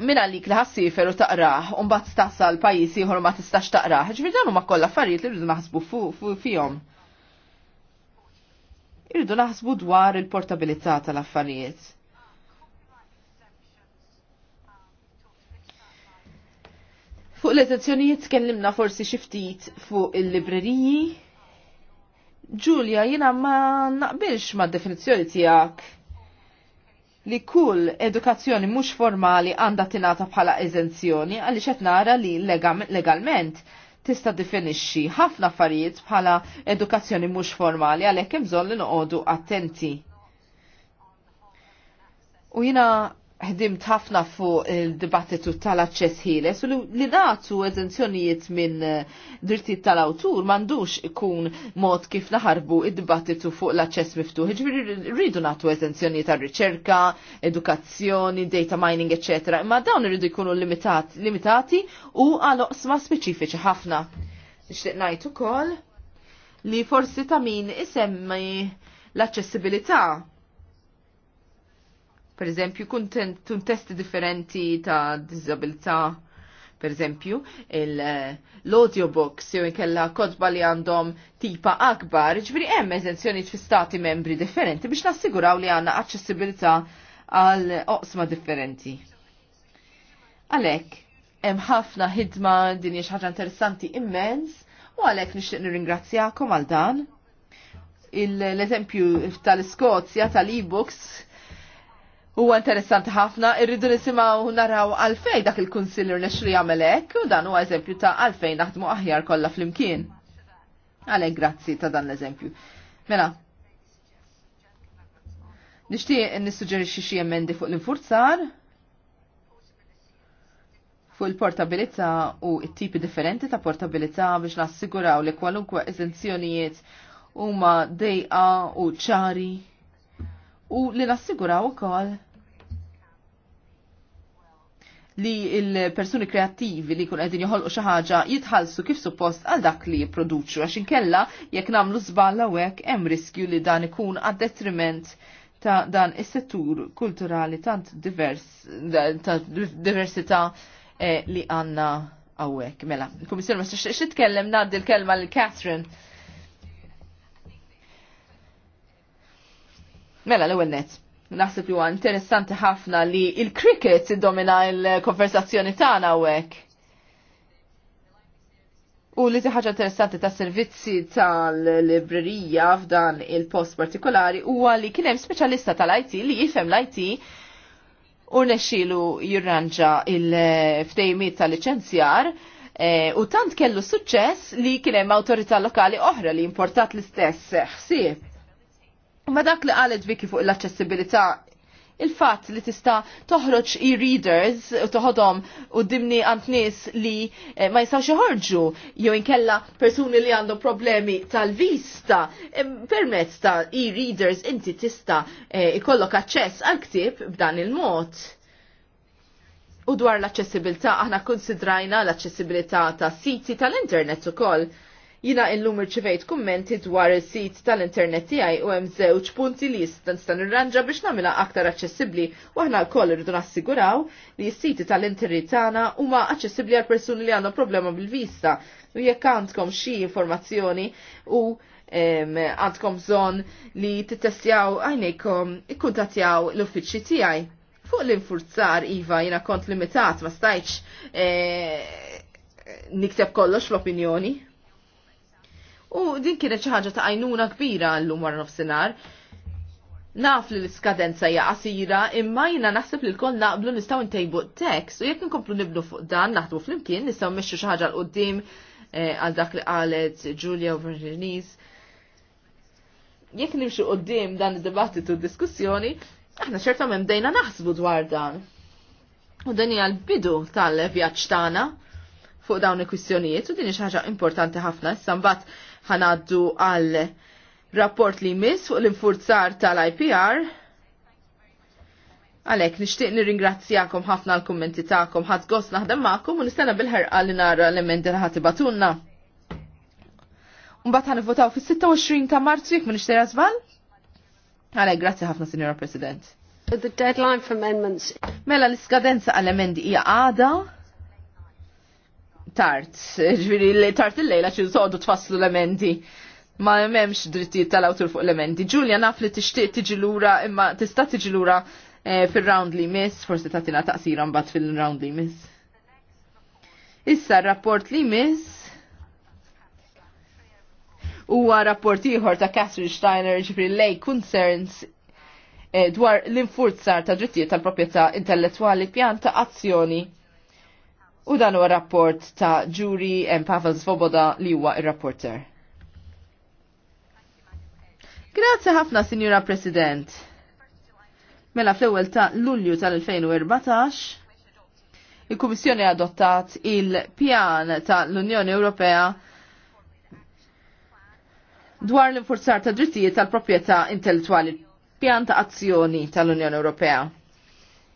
S2: Min għalik li ħassifer u taqraħ, un bat stassa l-pajis jħor ma tistax taqraħ, ġviri dan ma kolla affarijiet li rridu naħsbu fihom. Irridu naħsbu dwar il-portabilità tal-affarijiet. Fuq l edizzjonijiet kellimna forsi xiftit fuq il-libreriji. Ġulja, jina ma naqbilx ma' definizjoni tijak li kull edukazzjoni mhux formali għandha tingħata bħala eżenzjoni għaliex qed nara li legalment tista' definixxi ħafna affarijiet bħala edukazzjoni mhux formali għalhekk hemm bżonn li noqogħdu attenti. U jina ħdimt ħafna fuq il-dibattitu tal-aċċess ħieles u li nagħtu eżenzjonijiet minn eh, drittijiet tal-awtur m'għandux ikun mod kif naħarbu id-dibattitu fuq l-aċċess miftuħ. Ġviri rridu nagħtu eżenzjonijiet tar-riċerka, edukazzjoni, data mining, eċetera, imma dawn rridu jkunu limitati u għal oqsma speċifiċi ħafna. Nixtieq ngħid ukoll li forsi ta' min isemmi l-aċċessibilità per eżempju, kun testi differenti ta' disabilità, per eżempju, eh, l-audiobook, jew inkella kodba li għandhom tipa akbar, ġbri hemm eżenzjoni fi stati membri differenti biex nassiguraw li għanna accessibilità għal oqsma differenti. Għalek, hemm ħafna ħidma din ħaġa interessanti immens, u għalek nixtieq ringrazzjakom għal dan. L-eżempju tal-Iskozja tal-e-books Huwa interessanti ħafna, irridu nisimgħu naraw għalfejn dak il-Kunsillir nexri jagħmel hekk u dan huwa eżempju ta' għalfejn naħdmu aħjar kollha flimkien. Għalhekk grazzi ta' dan l-eżempju. Mela, Nixtieq nissuġġerixxi xi emendi fuq l-infurzar fuq il-portabilità u t-tipi differenti ta' portabilità biex nassiguraw li kwalunkwe eżenzjonijiet huma dejqa u ċari u li nassiguraw ukoll li il-persuni kreativi li kun qegħdin joħolqu xi ħaġa jitħallsu kif suppost għal dak li jipproduċu għax inkella jekk nagħmlu żball hawnhekk hemm riskju li dan ikun għad-detriment ta' dan is-settur kulturali tant divers ta' diversità eh, li għandna hawnhekk. Mela, il-Kummissjoni ma titkellem ngħaddi l-kelma lil Catherine Mela l-ewwel net. Naħseb li huwa interessanti ħafna li il-cricket iddomina l-konversazzjoni tagħna hawnhekk. U li ħaġa interessanti ta' servizzi tal-librerija f'dan il-post partikolari huwa li kien hemm speċjalista tal-IT li jifhem l-IT u nexxielu jirranġa il-ftejmiet tal-liċenzjar e, u tant kellu suċċess li kien hemm awtorità lokali oħra li importat l-istess ħsieb. Ma dak li qalet Viki fuq l-aċċessibilità il-fat li tista toħroġ e-readers u toħodhom u dimni għant nis li eh, ma jistax joħorġu jew inkella persuni li għandhom problemi tal-vista eh, permezz ta' e-readers inti tista eh, ikollok aċċess għal ktieb b'dan il-mod. U dwar l-aċċessibilità aħna konsidrajna l-aċċessibilità ta' siti tal-internet ukoll. koll Jina illum irċivejt kummenti dwar il-sit tal-internet tiegħi u hemm żewġ punti li jista' nirranġa biex nagħmilha aktar aċċessibbli u aħna lkoll irridu nassiguraw li s-siti tal-internet tagħna huma aċċessibbli għal persuni li għandhom problema bil-vista u jekk għandkom xi informazzjoni u għandkom bżonn li titestjaw għajnejkom ikkuntatjaw l-uffiċċji tiegħi. Fuq l-infurzar Iva jina kont limitat ma stajċ eh, nikteb kollox l-opinjoni, U din kienet xi ħaġa ta' għajnuna kbira llum wara nofsinhar. Naf li l-skadenza hija qasira, imma jiena naħseb li l-kol naqblu nistgħu ntejbu tekst u jekk inkomplu niblu fuq dan naħdmu flimkien nistgħu mmexxu xi ħaġa l qudiem eh, għal dak li qalet Julia u Virginis. Jekk nimxu qudiem dan id-dibattitu diskussjoni, aħna ċerta hemm dejna naħsbu dwar dan. U dan hija l-bidu tal-vjaġġ tagħna fuq dawn il-kwistjonijiet u din xi ħaġa importanti ħafna issa mbagħad ħanaddu għal rapport li jmiss fuq l-infurzar tal-IPR. Għalek, nishtiq nir-ingrazzjakum ħafna l-kommenti ta'kum, ħad gost naħdem ma'kum, u nistenna bil-ħerqa li nara l-emendi li ħati batunna. Mbatt ħan votaw fis-26 ta' Marzu jekk ma razval? żball? Għalek, grazzi ħafna, Signora President. The deadline for amendments. Mela l-iskadenza għal-emendi hija għada tart, ġviri li tart il-lejla xin sodu tfasslu l-emendi. Ma memx drittijiet tal-awtur fuq l-emendi. Ġulja naf li tixtieq tiġi lura imma tista' tiġi lura eh, fil-round li miss, forsi tagħtina taqsira mbagħad fil-round li miss. Issa rapport li miss huwa rapport ieħor ta' Catherine Steiner ġifri lej concerns eh, dwar l-infurzar ta' drittijiet tal-proprjetà intellettwali pjan ta' azzjoni U dan huwa rapport ta' Juri M. Pavel Svoboda li huwa ir-rapporter. Grazzi ħafna, Sinjura President. Mela fl-ewwel ta' Lulju tal-2014, il-Kummissjoni adottat il-pjan tal-Unjoni Ewropea dwar l-infurzar ta' drittijiet tal-proprjetà intellettwali pjan ta' azzjoni tal-Unjoni Ewropea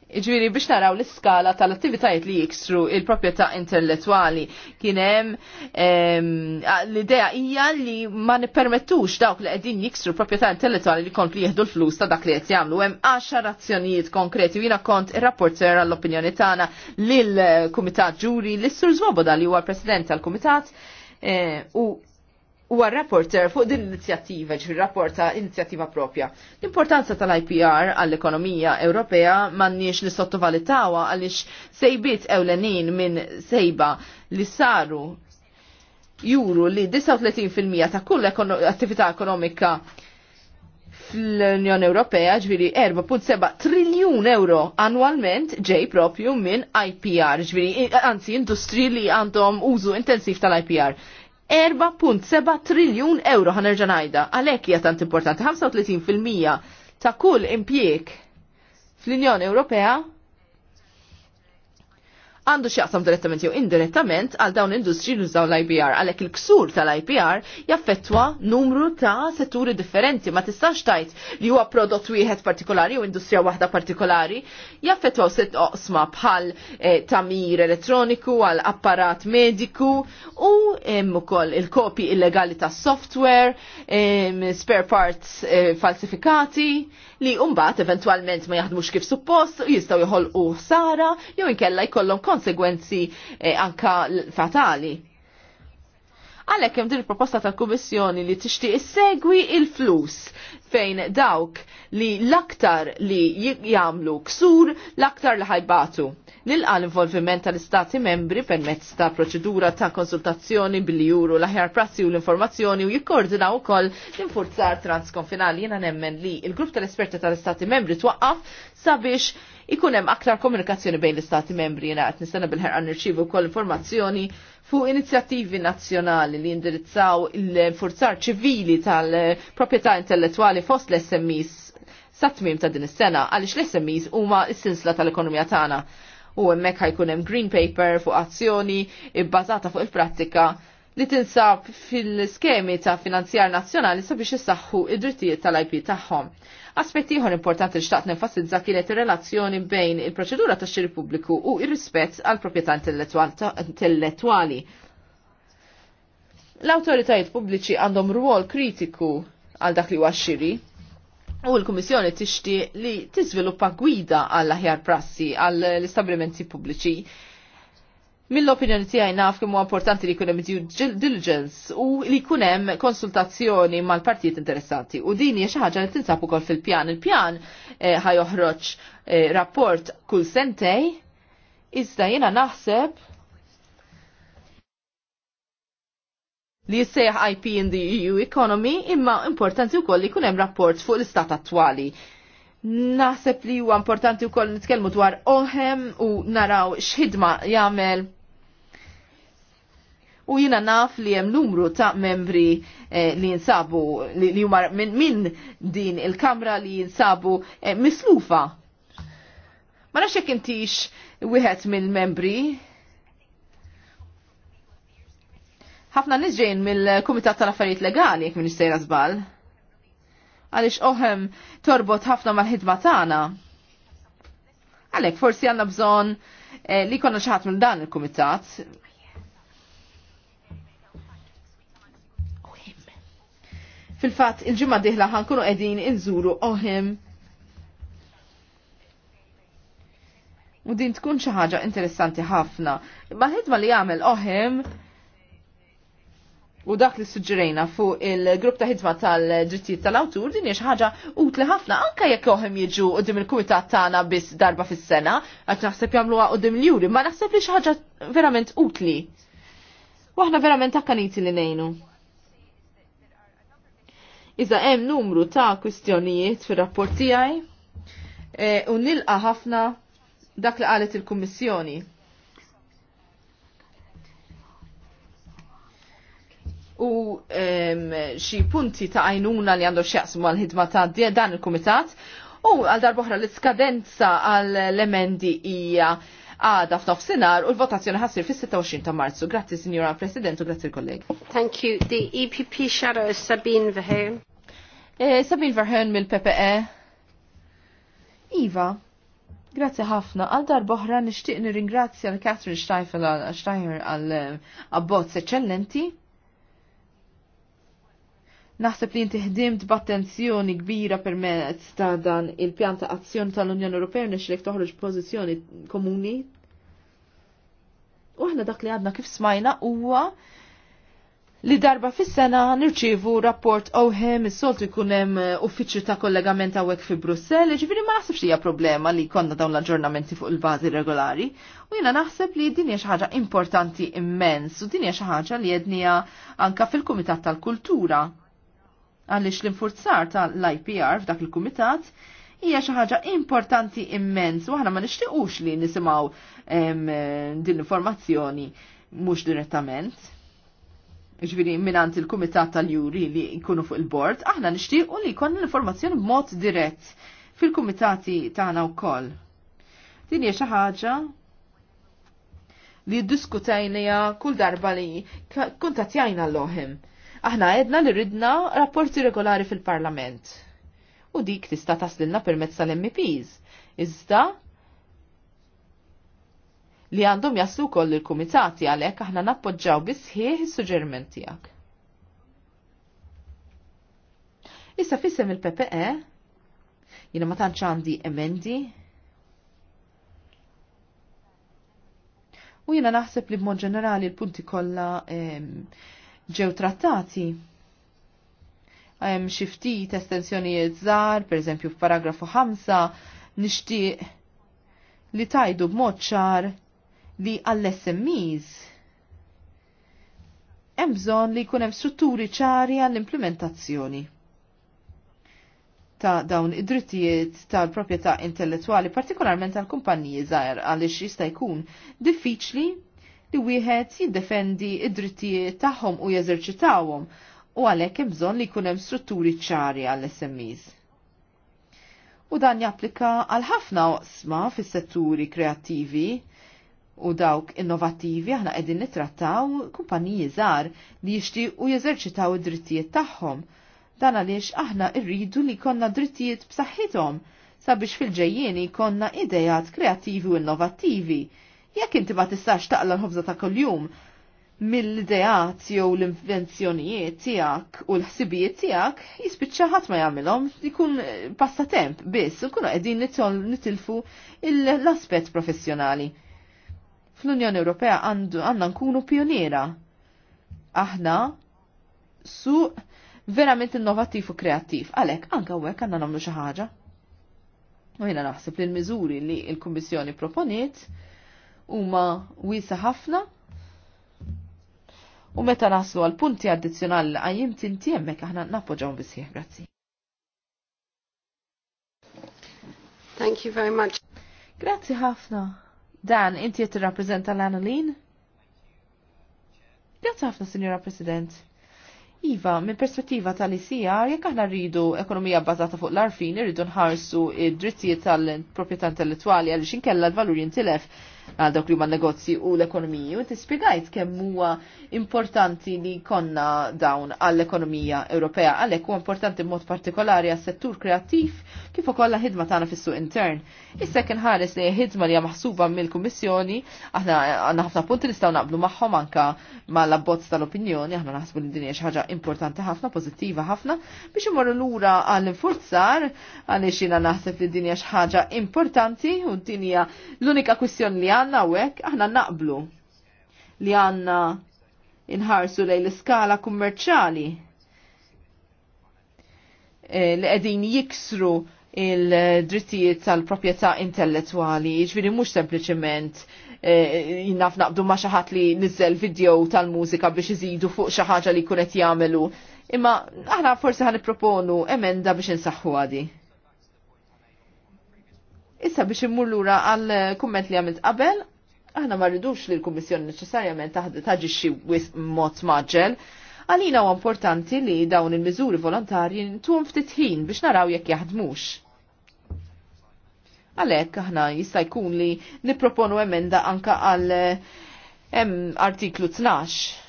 S2: Ġviri biex naraw l-iskala tal-attivitajiet li jiksru il-propieta intellettuali kienem l-idea hija li ma nippermettux dawk li qegħdin jiksru proprjetà intellettuali li kont li jieħdu l-flus ta' dak li qed jagħmlu hemm għaxar razzjonijiet konkreti jiena kont ir-rapporter għall-opinjoni tagħna l kumitat ġuri l sur Svoboda li huwa president tal-kumitat eh, u huwa rapporter fuq din l-inizjattiva, ġifir rapporta inizjattiva propja. L-importanza tal-IPR għall-ekonomija Ewropea m'għandniex li sottovalitawa għaliex sejbiet ewlenin minn sejba li saru juru li 39% ta' kull attività ekonomika fl-Unjoni Ewropea ġviri 4.7 triljun euro annualment ġej propju minn IPR, ġviri anzi industri li għandhom użu intensiv tal-IPR. 4.7 triljun euro ħanerġa' ngħidha. Għalhekk hija tant importanti 35% ta' kull impjieg fl-Unjoni Ewropea għandu xjaqsam direttament jew indirettament għal dawn industri li użaw l-IPR għalhekk il-ksur tal-IPR jaffettwa numru ta' setturi differenti ma tistax tajt li huwa prodott wieħed partikolari u industrija waħda partikolari jaffettwaw set oqsma bħal eh, tamir elettroniku għal apparat mediku u hemm ukoll il-kopji illegali ta' software, spare parts eh, falsifikati, li umbat eventualment ma jaħdmux kif suppost jistaw jħol u sara, jew inkella jkollhom konsegwenzi eh, anka fatali. Għalhekk hemm din il-proposta tal-Kummissjoni li tixtieq segwi il-flus fejn dawk li l-aktar li jagħmlu ksur l-aktar li ħajbatu nilqa l-involviment tal-istati membri permezz ta' proċedura ta' konsultazzjoni billi juru l-aħjar prassi u l-informazzjoni u jikkordinaw ukoll l-infurzar transkonfinali jiena nemmen li il-grupp tal-esperti tal-istati membri twaqqaf sabiex ikun hemm aktar komunikazzjoni bejn l-istati membri jiena qed nistenna bil-ħerqa nirċievu wkoll informazzjoni fuq inizjattivi nazzjonali li indirizzaw il-forzar ċivili tal-proprjetà intellettuali fost l-SMEs sa tmim ta' din is-sena għaliex l-SMEs huma s-sinsla tal-ekonomija tagħna u hemmhekk ħajkun hemm green paper fuq azzjoni bbażata fuq il-prattika li tinsab fil-skemi ta' finanzjar nazzjonali sabiex issaħħu id-drittijiet tal-IP tagħhom. Aspett ieħor importanti li xtaqt nenfasizza kienet ir-relazzjoni bejn il-proċedura tax xiri pubbliku u r rispett għall proprjetà intellettwali. L-awtoritajiet pubbliċi għandhom rwol kritiku għal dak li huwa xiri U l-Kummissjoni tixtieq li tiżviluppa gwida għall aħjar prassi għall istablimenti pubbliċi. Mill-opinjoni tiegħi naf kemm huwa importanti li jkun hemm diligence u li jkun hemm konsultazzjoni mal-partijiet interessati. U din hija xi ħaġa li tinsab ukoll fil-pjan. Il-pjan eh, ħajoħroġ eh, rapport kull sentej iżda jiena naħseb li jisseħ IP in the EU economy imma importanti wkoll li jkun hemm rapport fuq l-istat attwali. Naħseb li huwa importanti wkoll nitkellmu dwar oħem u naraw x'ħidma jagħmel u jina naf li jem numru ta' membri eh, li jinsabu li, li jumar minn min din il-kamra li jinsabu eh, mislufa. Ma nafx jekk intix wieħed mill-membri ħafna nisġejn mill-Kumitat tal-Affarijiet Legali jekk Ministera żball. Għaliex oħem torbot ħafna mal-ħidma tagħna. Għalhekk forsi għandna bżonn eh, li konna xi ħadd minn dan il-kumitat Fil-fat, il-ġimma diħla ħankunu edin inżuru oħim. U din tkun xi ħaġa interessanti ħafna. Ma ħidma li jagħmel oħim U dak li suġġerejna fuq il-grupp ta' ħidma tal-ġittijiet tal-awtur din hija ħaġa utli ħafna anke jekk oħem jiġu qudiem il-kumitat tagħna biss darba fis-sena għax naħseb jagħmluha qudiem l-juri, ma naħseb li xi ħaġa verament utli. aħna verament akkaniti li ngħinu. Iżda hemm numru ta' kwistjonijiet fir-rapport tiegħi eh, u nilqa' ħafna dak li qalet il-Kummissjoni u xi punti ta' għajnuna li għandu xjaqsmu għal-ħidma ta' dan il-Kumitat u għal darbohra l-iskadenza għal-emendi hija għada f'nofsinhar u l-votazzjoni ħassir fis-26 ta' Marzu. Grazzi, Signora Presidentu, grazie, kolleg. kollegi
S1: Thank you. The EPP shadow is Sabine Verheun. Eh, Sabine Verheyen mill-PPE.
S2: Iva, Grazzi ħafna. Għal darbohra nixtieq nirringrazzja l katrin Steifel għal eh, abbozz eċċellenti Naħseb li inti ħdimt b'attenzjoni kbira permezz ta' dan il-pjan ta' azzjoni tal-Unjoni Ewropea lek toħroġ pożizzjoni komuni. U aħna dak li għadna kif smajna huwa li darba fis-sena nirċievu rapport oħem is-soltu jkun hemm eh, uffiċċju ta' kollegament hawnhekk fi Brussell, ġifieri ma naħsibx hija problema li jkollna dawn l-aġġornamenti fuq il-bażi regolari. U jiena naħseb li din hija xi ħaġa importanti immens u din hija xi ħaġa li jedna anka fil-Kumitat tal-Kultura għaliex l-infurzar tal-IPR f'dak il-kumitat hija xi ħaġa importanti immens u aħna ma nixtiequx li nisimgħu din l-informazzjoni mhux direttament. Ġviri minant il-Kumitat tal-Juri li jkunu fuq il-bord, aħna nixtiequ li jkollna l-informazzjoni b'mod dirett fil-kumitati tagħna wkoll. Din hija xi ħaġa li diskutajnija kull darba li kuntatjajna l-oħem. Aħna għedna li ridna rapporti regolari fil-Parlament. U dik tista' taslilna permezz tal-MPs. Iżda li għandhom jaslu koll il-kumitati għalek aħna nappoġġaw bisħieħ il sugġerment tijak. Issa fissem il-PPE, jina ma tantx għandi emendi, u jina naħseb li b'mod ġenerali l-punti kollha ehm, ġew trattati. Hemm xi ftit estensjonijiet żgħar, pereżempju f'paragrafu 5, nixtieq li tajdu b'mod ċar li għall-SMEs hemm bżonn li jkun hemm strutturi ċari għall-implementazzjoni ta' dawn id-drittijiet tal-proprjetà intellettwali, partikolarment tal-kumpaniji żgħar għaliex jista' jkun diffiċli li wieħed jiddefendi id-drittijiet tagħhom u jeżerċitawhom u għalhekk hemm bżonn li jkun hemm strutturi ċari għall-SMEs. U dan japplika għal ħafna oqsma fis-setturi kreattivi u dawk innovattivi aħna qegħdin nittrattaw kumpaniji żgħar li jixtiequ jeżerċitaw id-drittijiet tagħhom. Dan għaliex aħna rridu li konna drittijiet b'saħħithom sabiex fil-ġejjieni konna idejat kreattivi u innovattivi Jekk inti ma tistax taqla l-ħobza ta' kuljum mill-ideat jew l-invenzjonijiet tiegħek u l-ħsibijiet tiegħek jispiċċa ħadd ma jagħmilhom jkun eh, passatemp biss nkunu qegħdin nitilfu l-aspett professjonali. Fl-Unjoni Ewropea għandna nkunu pioniera. Aħna su verament innovattiv u kreattiv. Għalek, anka u għek għanna namlu xaħġa. U jena naħseb li l-mizuri li l-Kommissjoni proponiet huma wiesa ħafna u meta naslu għal punti addizzjonali li għajjim tinti hemmhekk aħna nappoġġaw bisih. Grazzi. Thank you very much. Grazzi ħafna. Dan, inti qed tirrappreżenta l analin Grazzi ħafna, Sinjora President. Iva, mill perspettiva tal-ICR, jekk aħna rridu ekonomija bbażata fuq l-arfin, irridu nħarsu id-drittijiet tal-proprjetà intellettwali għaliex inkella l-valur jintilef għal dawk li huma negozji u l-ekonomiji. U inti kemm huwa importanti li konna dawn għall-ekonomija Ewropea, għalhekk huwa importanti b'mod partikolari għas-settur kreattiv kif ukoll ħidma tagħna fis-suq intern. Issa kien ħares li ħidma li hija maħsuba mill-Kummissjoni, aħna għandna ħafna punti nistgħu naqblu magħhom anka mal-abbozz tal-opinjoni, aħna naħsbu li din hija xi ħaġa importanti ħafna, pozittiva ħafna, biex imorru lura għall forzar għaliex jiena naħseb li dinja xaħġa importanti u dinja l-unika kwistjoni li għandna u hekk aħna naqblu li għandna inħarsu lejn l-iskala kummerċali eh, li qegħdin jiksru il-drittijiet tal-proprjetà intellettwali, ġviri jiġifieri mhux sempliċement jinnaf eh, naqdu ma xaħat li nizzel video tal-mużika biex iżidu fuq xaħġa li kunet jagħmlu. Imma aħna forsi ħan proponu emenda biex insaħħu għadi. Issa biex immur lura għal kumment li għamilt qabel, aħna ma rridux li l-Kummissjoni neċessarjament taġixxi wisq mod maġġel, għalina u importanti li dawn il-miżuri volontarji ntuhom ftit ħin biex naraw jekk jaħdmux Għalhekk aħna jista' jkun li nipproponu emenda anka għal artiklu 12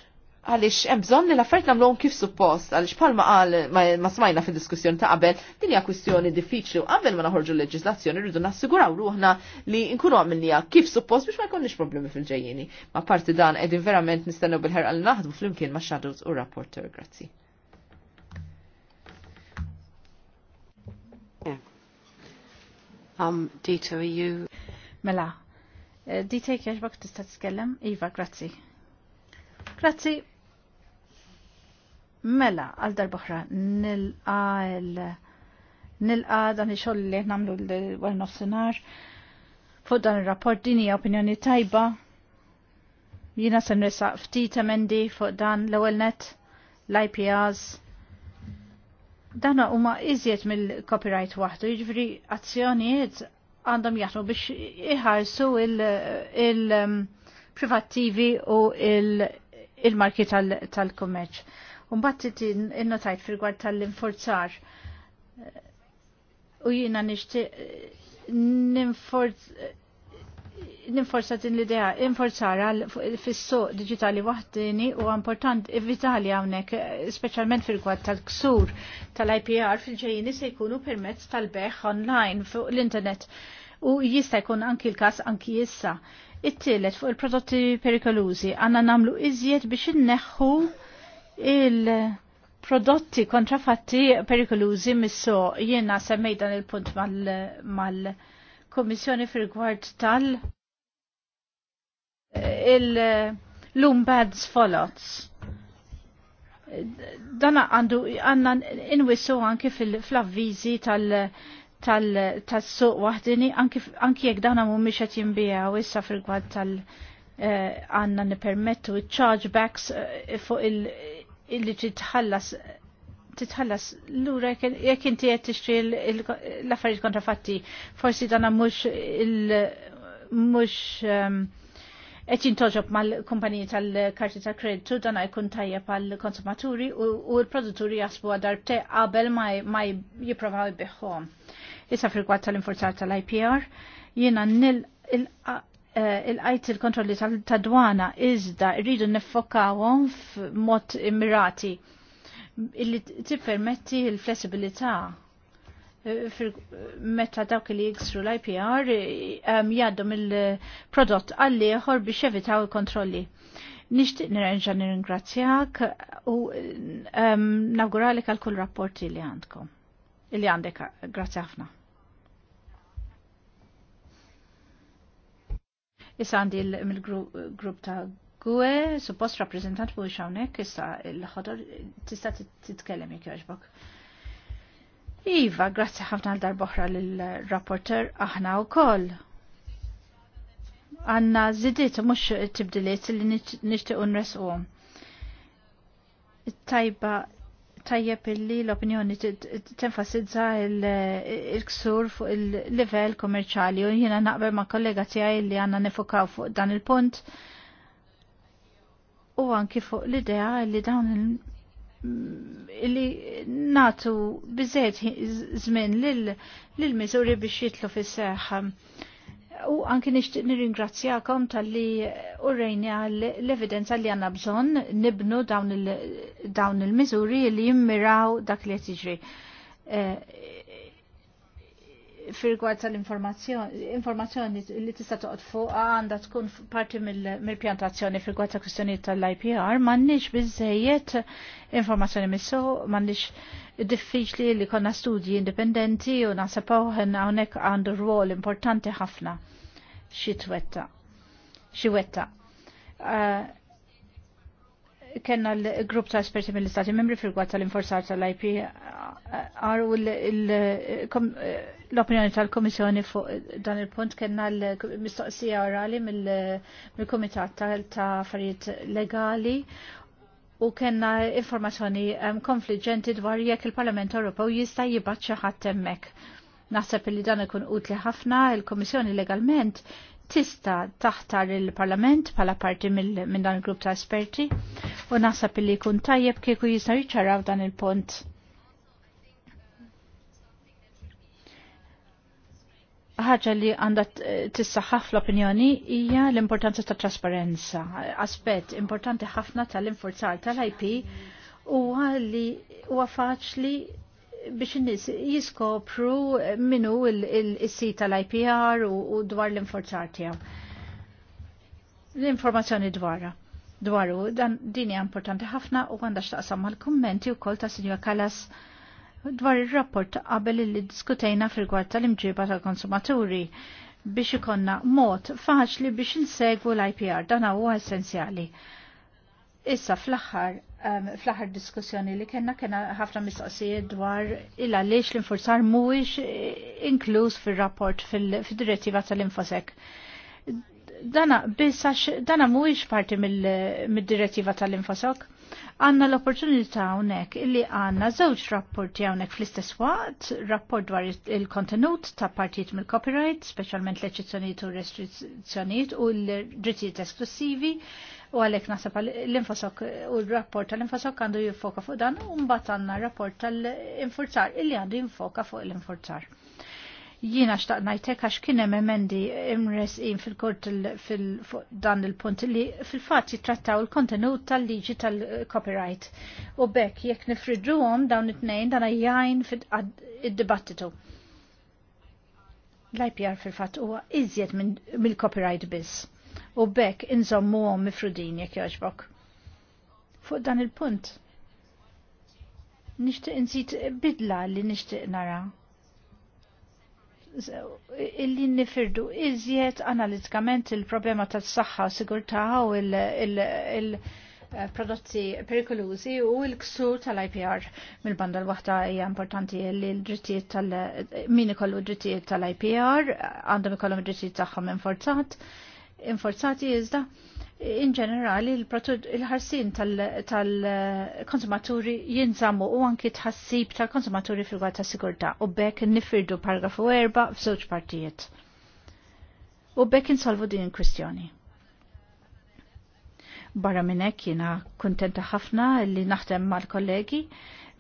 S2: għalix hemm bżonn li l-affarijiet nagħmluhom kif suppost, għalix palma qal ma smajna fid-diskussjoni ta' qabel, din hija kwistjoni diffiċli u qabel ma naħorġu l-leġislazzjoni rridu nassiguraw ruħna li nkunu għamilniha kif suppost biex ma jkollniex problemi fil-ġejjieni. Ma parti dan qegħdin verament nistennew bil-ħerqa li naħdmu flimkien ma' shadows u rapporter, grazzi.
S1: Um, Dita, are you? Mela, eh, Dita, kħeġbak tista t-skellem? Iva, grazzi. Grazzi. Mela, għal darbohra, nil-qa nil a dan iċoll li namlu l-għal nofsinar fuq dan il-rapport dini opinjoni tajba jina sen resaq ftit mendi fuq dan l għal net l-IPRs Dan huma iżjed mill-copyright waħdu, jiġifieri azzjonijiet għandhom jaħdmu biex iħarsu il-privattivi um, u il-marki tal-kummerċ. Umbatt innotajt fil tal inforzar u jina nishti ninforz ninforza din l-idea, inforzara fissu digitali wahdini u important vitali għawnek, specialment fil-gwad tal-ksur tal-IPR fil-ġejjini se jkunu permezz tal-beħ online fuq l-internet u jista' jkun anki l-kas anki jissa. it tillet fuq il-prodotti perikolużi għanna namlu iżjed biex inneħħu il- prodotti kontrafatti perikolużi misso jiena semmejdan dan il-punt mal-, mal kommissjoni fil-gwart tal il-lumbads folots. Dan għandu għanna inwissu anki fil-avvizi tal- tal-suq wahdini, anki jek dana mu miexet jimbija u issa fil-gwad tal- eh, għanna nipermettu il-chargebacks eh, fuq il-li titħallas titħallas lura jekk inti qed tixtri l-affarijiet kontrafatti, forsi dan mhux il mhux ehm, qed jintoġob mal-kumpaniji tal-karti ta' kreditu dan jkun tajjeb għall konsumaturi u l-produtturi jasbu għadar te qabel ma jipprovaw jbiħħom. Issa frikwat tal-infurzar tal-IPR, jina nil eh, il-qajt il-kontrolli tal dwana iżda rridu niffokawhom f'mod immirati illi tippermetti il-flessibilità eh, meta dawk li jiksru l-IPR eh, jgħaddu il prodott għalli ieħor biex jevitaw il-kontrolli. Nishtiq nirranġa nirringrazzjak u nawguralik għal kull rapporti li għandkom. Illi għandek, grazzi ħafna. Issa għandi mill-grupp ta' Gwe, suppost rappresentant fuq xawnek, issa l-ħodor tista titkellem jek joġbok. Iva, grazzi ħafna għal darboħra l-rapporter aħna u koll. Għanna zidit, mux tibdiliet li nishtiqu nresqu. Tajba, tajjeb illi l-opinjoni tenfasizza il-ksur fuq il-level kommerċali u jina naqbel ma' kollega tijaj li għanna nifokaw fuq dan il-punt. il punt u anki fuq l-idea li dawn li natu bizzet zmin l mizuri biex jitlu fis-seħħa. U anki nishtiq nirringrazzjakom tal-li urrejna l-evidenza li għanna bżon nibnu dawn il-mizuri li jimmiraw dak li jtiġri. Eh, firgwad tal-informazzjoni li tista' toqgħod fuq għandha tkun parti mill-pjantazzjoni firgwad ta' kwistjonijiet tal-IPR m'għandniex biżejjed informazzjoni missu m'għandniex diffiċli li konna studji indipendenti u naħseb hawnhekk għandu rwol importanti ħafna xi twetta. Xi wetta. Eh, kenna l-grupp ta' esperti mill-Istati Membri fil tal-inforzar tal-IPR u l l-opinjoni tal-Komissjoni fuq dan il-punt kena l-mistoqsija orali mill-Komitat ta' affarijiet legali u kena informazzjoni konfliġenti dwar jekk il-Parlament Ewropew jista' jibgħat xi ħadd hemmhekk. Naħseb li dan ikun utli ħafna il-Komissjoni legalment tista taħtar il-Parlament pala parti minn dan il-grupp ta' esperti u naħseb li jkun tajjeb kieku jista' jiċċaraw dan il punt ħaġa li għandha tissaħħaf l-opinjoni hija l-importanza ta' trasparenza. Aspett importanti ħafna tal-infurzar tal-IP huwa li huwa faċli biex in-nies jiskopru minu il-sit tal-IPR u dwar l-infurzar tiegħu. L-informazzjoni dwarra. Dwaru, dan din hija importanti ħafna u għandha x'taqsam mal-kummenti wkoll ta' Sinjor Kalas dwar il-rapport qabel li diskutejna fil-gwart tal-imġiba tal-konsumaturi biex ikonna mod faċli biex insegwu l-IPR dan huwa essenzjali. Issa fl-aħħar um, fl-aħħar diskussjoni li kena kena ħafna mistoqsijiet dwar il għaliex l-infurzar mhuwiex inkluż fir-rapport fil-direttiva tal-infosek dana biss dana mhuwiex parti mill-direttiva tal-infosok. Għanna l-opportunità hawnhekk illi għanna żewġ rapporti hawnhekk fl-istess waqt, rapport dwar il-kontenut ta' partijiet mill-copyright, speċjalment l-eċezzjonijiet u restrizzjonijiet u l-drittijiet esklusivi, u għalhekk nasab l-infosok u l-rapport tal-infosok għandu jiffoka fuq dan u mbagħad għandna rapport tal-infurzar illi għandu jinfoka fuq l-infurzar jina xtaqt najtek għax kien hemm emendi imresqin fil-kort fuq dan il-punt li fil-fatt jitrattaw il-kontenut tal-liġi tal-copyright. U bekk jekk nifridruhom dawn it-tnejn dan jgħin id-dibattitu. L-IPR fil-fatt huwa iżjed mill-copyright biss. U bekk inżommuhom mifrudin jekk jogħġbok. Fuq dan il-punt nishtiq nżid bidla li nishtiq nara illi nifirdu iżjed analitikament il-problema tas saħħa sigurtà u il-prodotti eh, perikolużi u l-ksur tal-IPR mill-banda l-waħda hija importanti li l-drittijiet tal- min ikollu drittijiet tal-IPR għandhom ikollhom drittijiet tagħhom inforzat inforzati iżda in ġenerali il-ħarsin tal-konsumaturi tal jinżammu u anki tħassib tal-konsumaturi fil ta' sigurta u bekk nifirdu paragrafu erba' f'żewġ partijiet. U bekk insolvu din il-kwistjoni. Barra minn hekk jiena kuntenta ħafna li naħdem mal-kollegi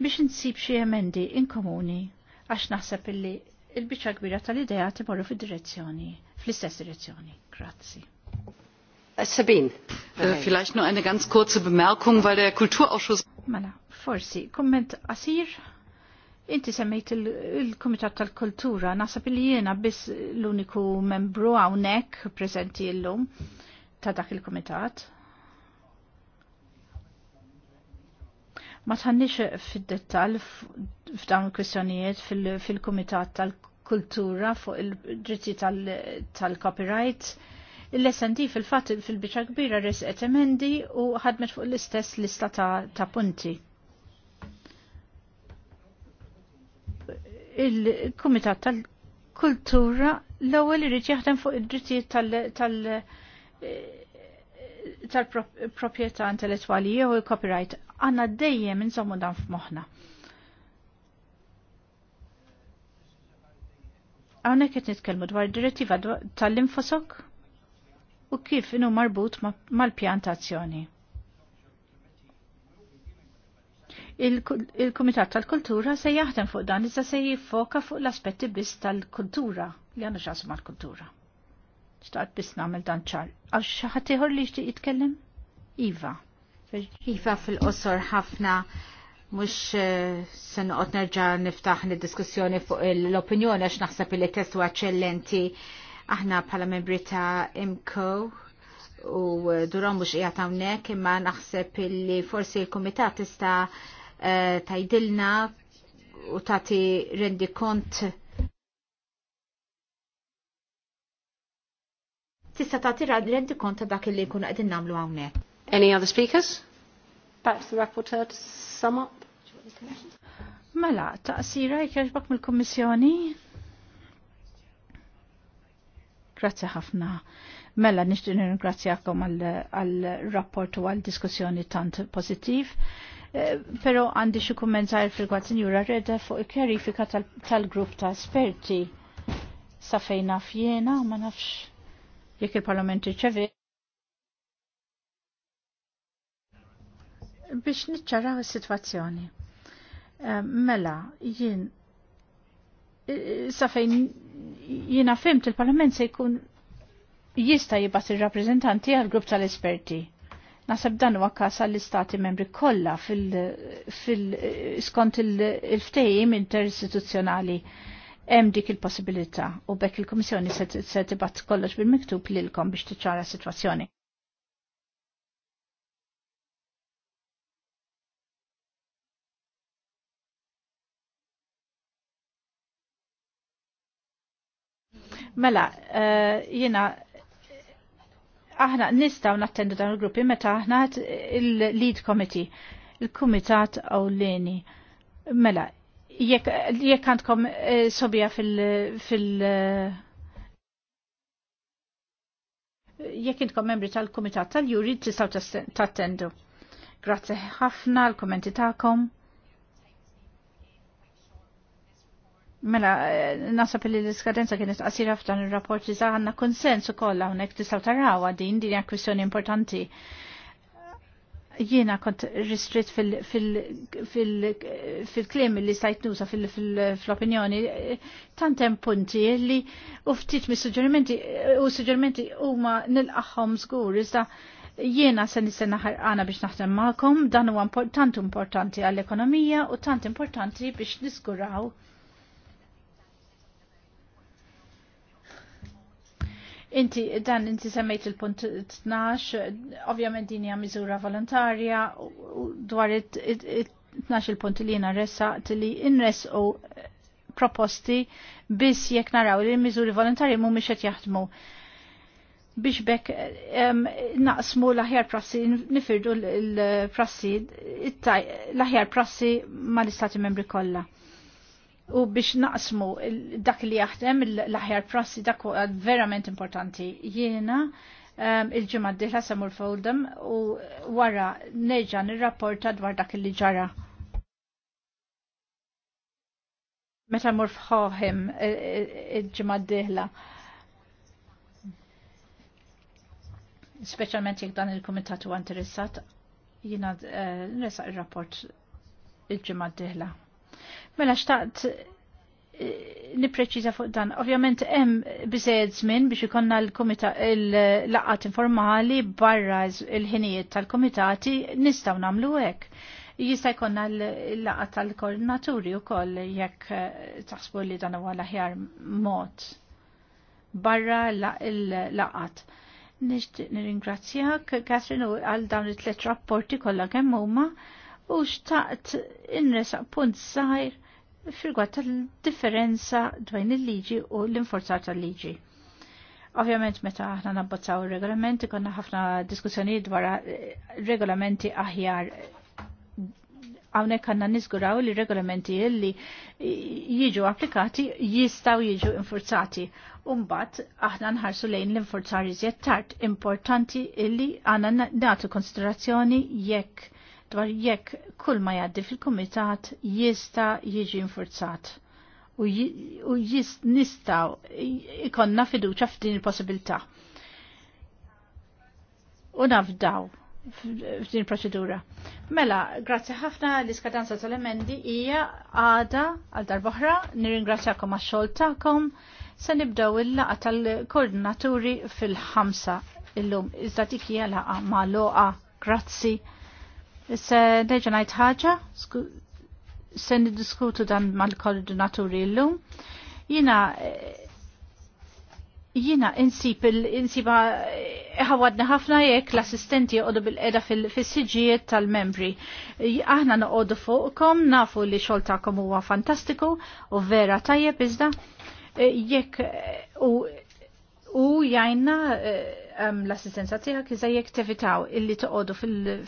S1: biex insib xi emendi inkomuni għax naħseb illi il-biċċa kbira tal-idea timorru fid-direzzjoni fl-istess direzzjoni. Grazzi. Äh, Sabine. Äh, vielleicht nur eine ganz kurze Bemerkung, weil der Kulturausschuss. Mela, forsi, komment asir. Inti semmejt il-Komitat tal-Kultura, nasab li jiena biss l-uniku membru hawnhekk prezenti llum ta' dak il-Komitat. Ma tħannix fid-dettal f'dawn il-kwistjonijiet fil-Komitat tal-Kultura kultura fuq il-dritti tal-copyright. Il-SND fil-fat fil-bicċa kbira res emendi u ħadmet fuq l-istess lista ta' punti. Il-Kumitat tal-Kultura l-ewwel irid jaħdem fuq id-dritti tal- tal-proprjetà intellettwali jew il-copyright għandna dejjem insommu dan f'moħħna Għawnek qed nitkellmu dwar direttiva tal-infosok u kif inu marbut mal-pjantazzjoni. Il-Kumitat tal-Kultura se jaħdem fuq dan iżda se jiffoka fuq l-aspetti biss tal-kultura li għandu xasu mal kultura Xtaqt biss namel dan ċar. Għax xaħatiħor li jixtieq jitkellem? Iva. Iva fil-qosor ħafna mux eh,
S3: se noqgħod nerġa' niftaħ diskussjoni fuq l-opinjoni għax naħseb li test huwa eċċellenti aħna bħala membri ta' IMCO u durom mhux qiegħed hawnhekk imma naħseb li forsi l-kumitat tista' eh, tajdilna u tagħti rendi kont tista' tagħti rendi kont ta' dak li jkun qegħdin nagħmlu
S1: hawnhekk. Any other speakers? Perhaps the rapporteur to sum up? Mela, taqsira jkerġbak mill-Kommissjoni? Grazie ħafna. Mela, nishtin ringrazzjakom għal-rapport u għal-diskussjoni tant pozittiv. Eh, Pero għandi xie kommentar fil-gwatin jura reda fuq il-kjarifika tal-grupp ta' esperti. Safejna fjena, ma nafx jekk il-parlament riċevi. Biex nitċaraw is-sitwazzjoni. Eh, mela, jien eh, eh, safejn jiena fimt il-Parlament se jkun jista' jibgħat ir-rappreżentanti għal grupp tal-esperti. Nasab dan huwa każ għall-istati membri kollha fil-skont il-ftehim interistituzzjonali hemm dik il-possibilità u bekk il-Kummissjoni se tibgħat kollox bil-miktub lilkom biex tiċċara s-sitwazzjoni. Mela, eh, jina, aħna nistaw nattendu dan il-gruppi meta aħna il-lead committee, il-kumitat leni Mela, jekk għandkom eh, sobija fil- eh, jekk intkom membri tal-kumitat tal-juri tistaw tattendu. Grazzi ħafna l-kommenti ta'kom. Mela, eh, nasab li l-iskadenza kienet qasira f'dan il-rapport li zaħanna konsens konsensu kolla unek tisaw tarawa din, din hija kwestjoni importanti. Jiena kont ristrit fil-klim li stajt nusa fil-opinjoni tantem punti li uftit mis suġġerimenti u suġġerimenti huma nilqaħħom żgur iżda jiena se nistenna ħarqana biex naħdem ma'kom, dan huwa tant importanti għall-ekonomija u tant importanti biex niskuraw Inti, dan inti semmejt il-punt 12, ovvjament din hija miżura volontarja dwar it-12 il-punt li jina ressa li inres u proposti biss jekk naraw li miżuri volontarji mhumiex qed jaħdmu biex bekk naqsmu l-aħjar prassi, nifirdu l-prassi, l-aħjar prassi ma l-istati membri kolla u biex naqsmu dak li jaħdem l-aħjar prassi dak verament importanti. Jiena um, il-ġimgħa d-dieħla samur foldem u wara il-rapporta dwar dak li ġara. Meta mur fħohim e- e- il-ġimgħa d-dieħla. Speċjalment jekk dan il-kumitat huwa interessat, jiena uh, nresaq rapport il-ġimgħa d-dieħla. Mela xtaqt eh, nipreċiza fuq dan. Ovjament hemm biżejjed żmien biex ikonna l-laqat informali barra il-ħinijiet tal-komitati nistgħu nagħmlu hekk. Jista' jkollna l-laqat tal-koordinaturi wkoll jekk eh, taħsbu li dan huwa l-aħjar mod barra l-laqat. Nixtieq nirringrazzjak Catherine għal dawn it-tliet rapporti kollha kemm huma u xtaqt inresaq punt sajr firgwat tal-differenza dwejn il-liġi u l-inforzar tal-liġi. Ovvjament meta aħna nabbozzaw il-regolamenti konna ħafna diskussjoni dwar eh, regolamenti aħjar għawnek għanna nizguraw li regolamenti li jiġu applikati jistaw jiġu infurzati. Umbat, aħna nħarsu lejn l-infurzari tard importanti illi għanna natu konsiderazzjoni jekk dwar jekk kull ma jaddi fil-komitat jista jiġi infurzat u jist nistaw ikonna fiduċa f'din il-possibilità. U nafdaw f'din il-proċedura. Mela, grazzi ħafna l-iskadanza tal-emendi hija għada għal darboħra, nirringrazzjakom għax xogħol tagħkom. Se nibdew il-laqa tal-koordinaturi fil-ħamsa illum. Iżda dik hija laqa ma' loqa. Grazzi. Issa neġa najt ħaġa, se niddiskutu dan mal-koordinaturi llum. Jiena eh, jina insib insiba eh, ħawadna ħafna jekk l-assistenti jgħodu bil edha fil-siġijiet tal-membri. Aħna noqogħdu fuqkom, nafu li xogħol tagħkom huwa fantastiku u vera tajjeb iżda eh, jekk u jajna uh, Um, l-assistenza tiegħek iżda jekk tevitaw illi toqogħdu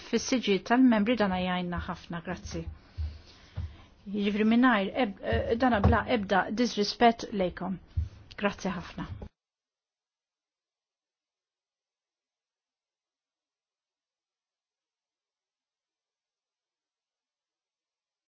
S1: fis-siġi tal-membri dan jgħinna ħafna, grazzi. Jiġifieri mingħajr eh, dana bla ebda disrispett lejkom. Grazzi ħafna.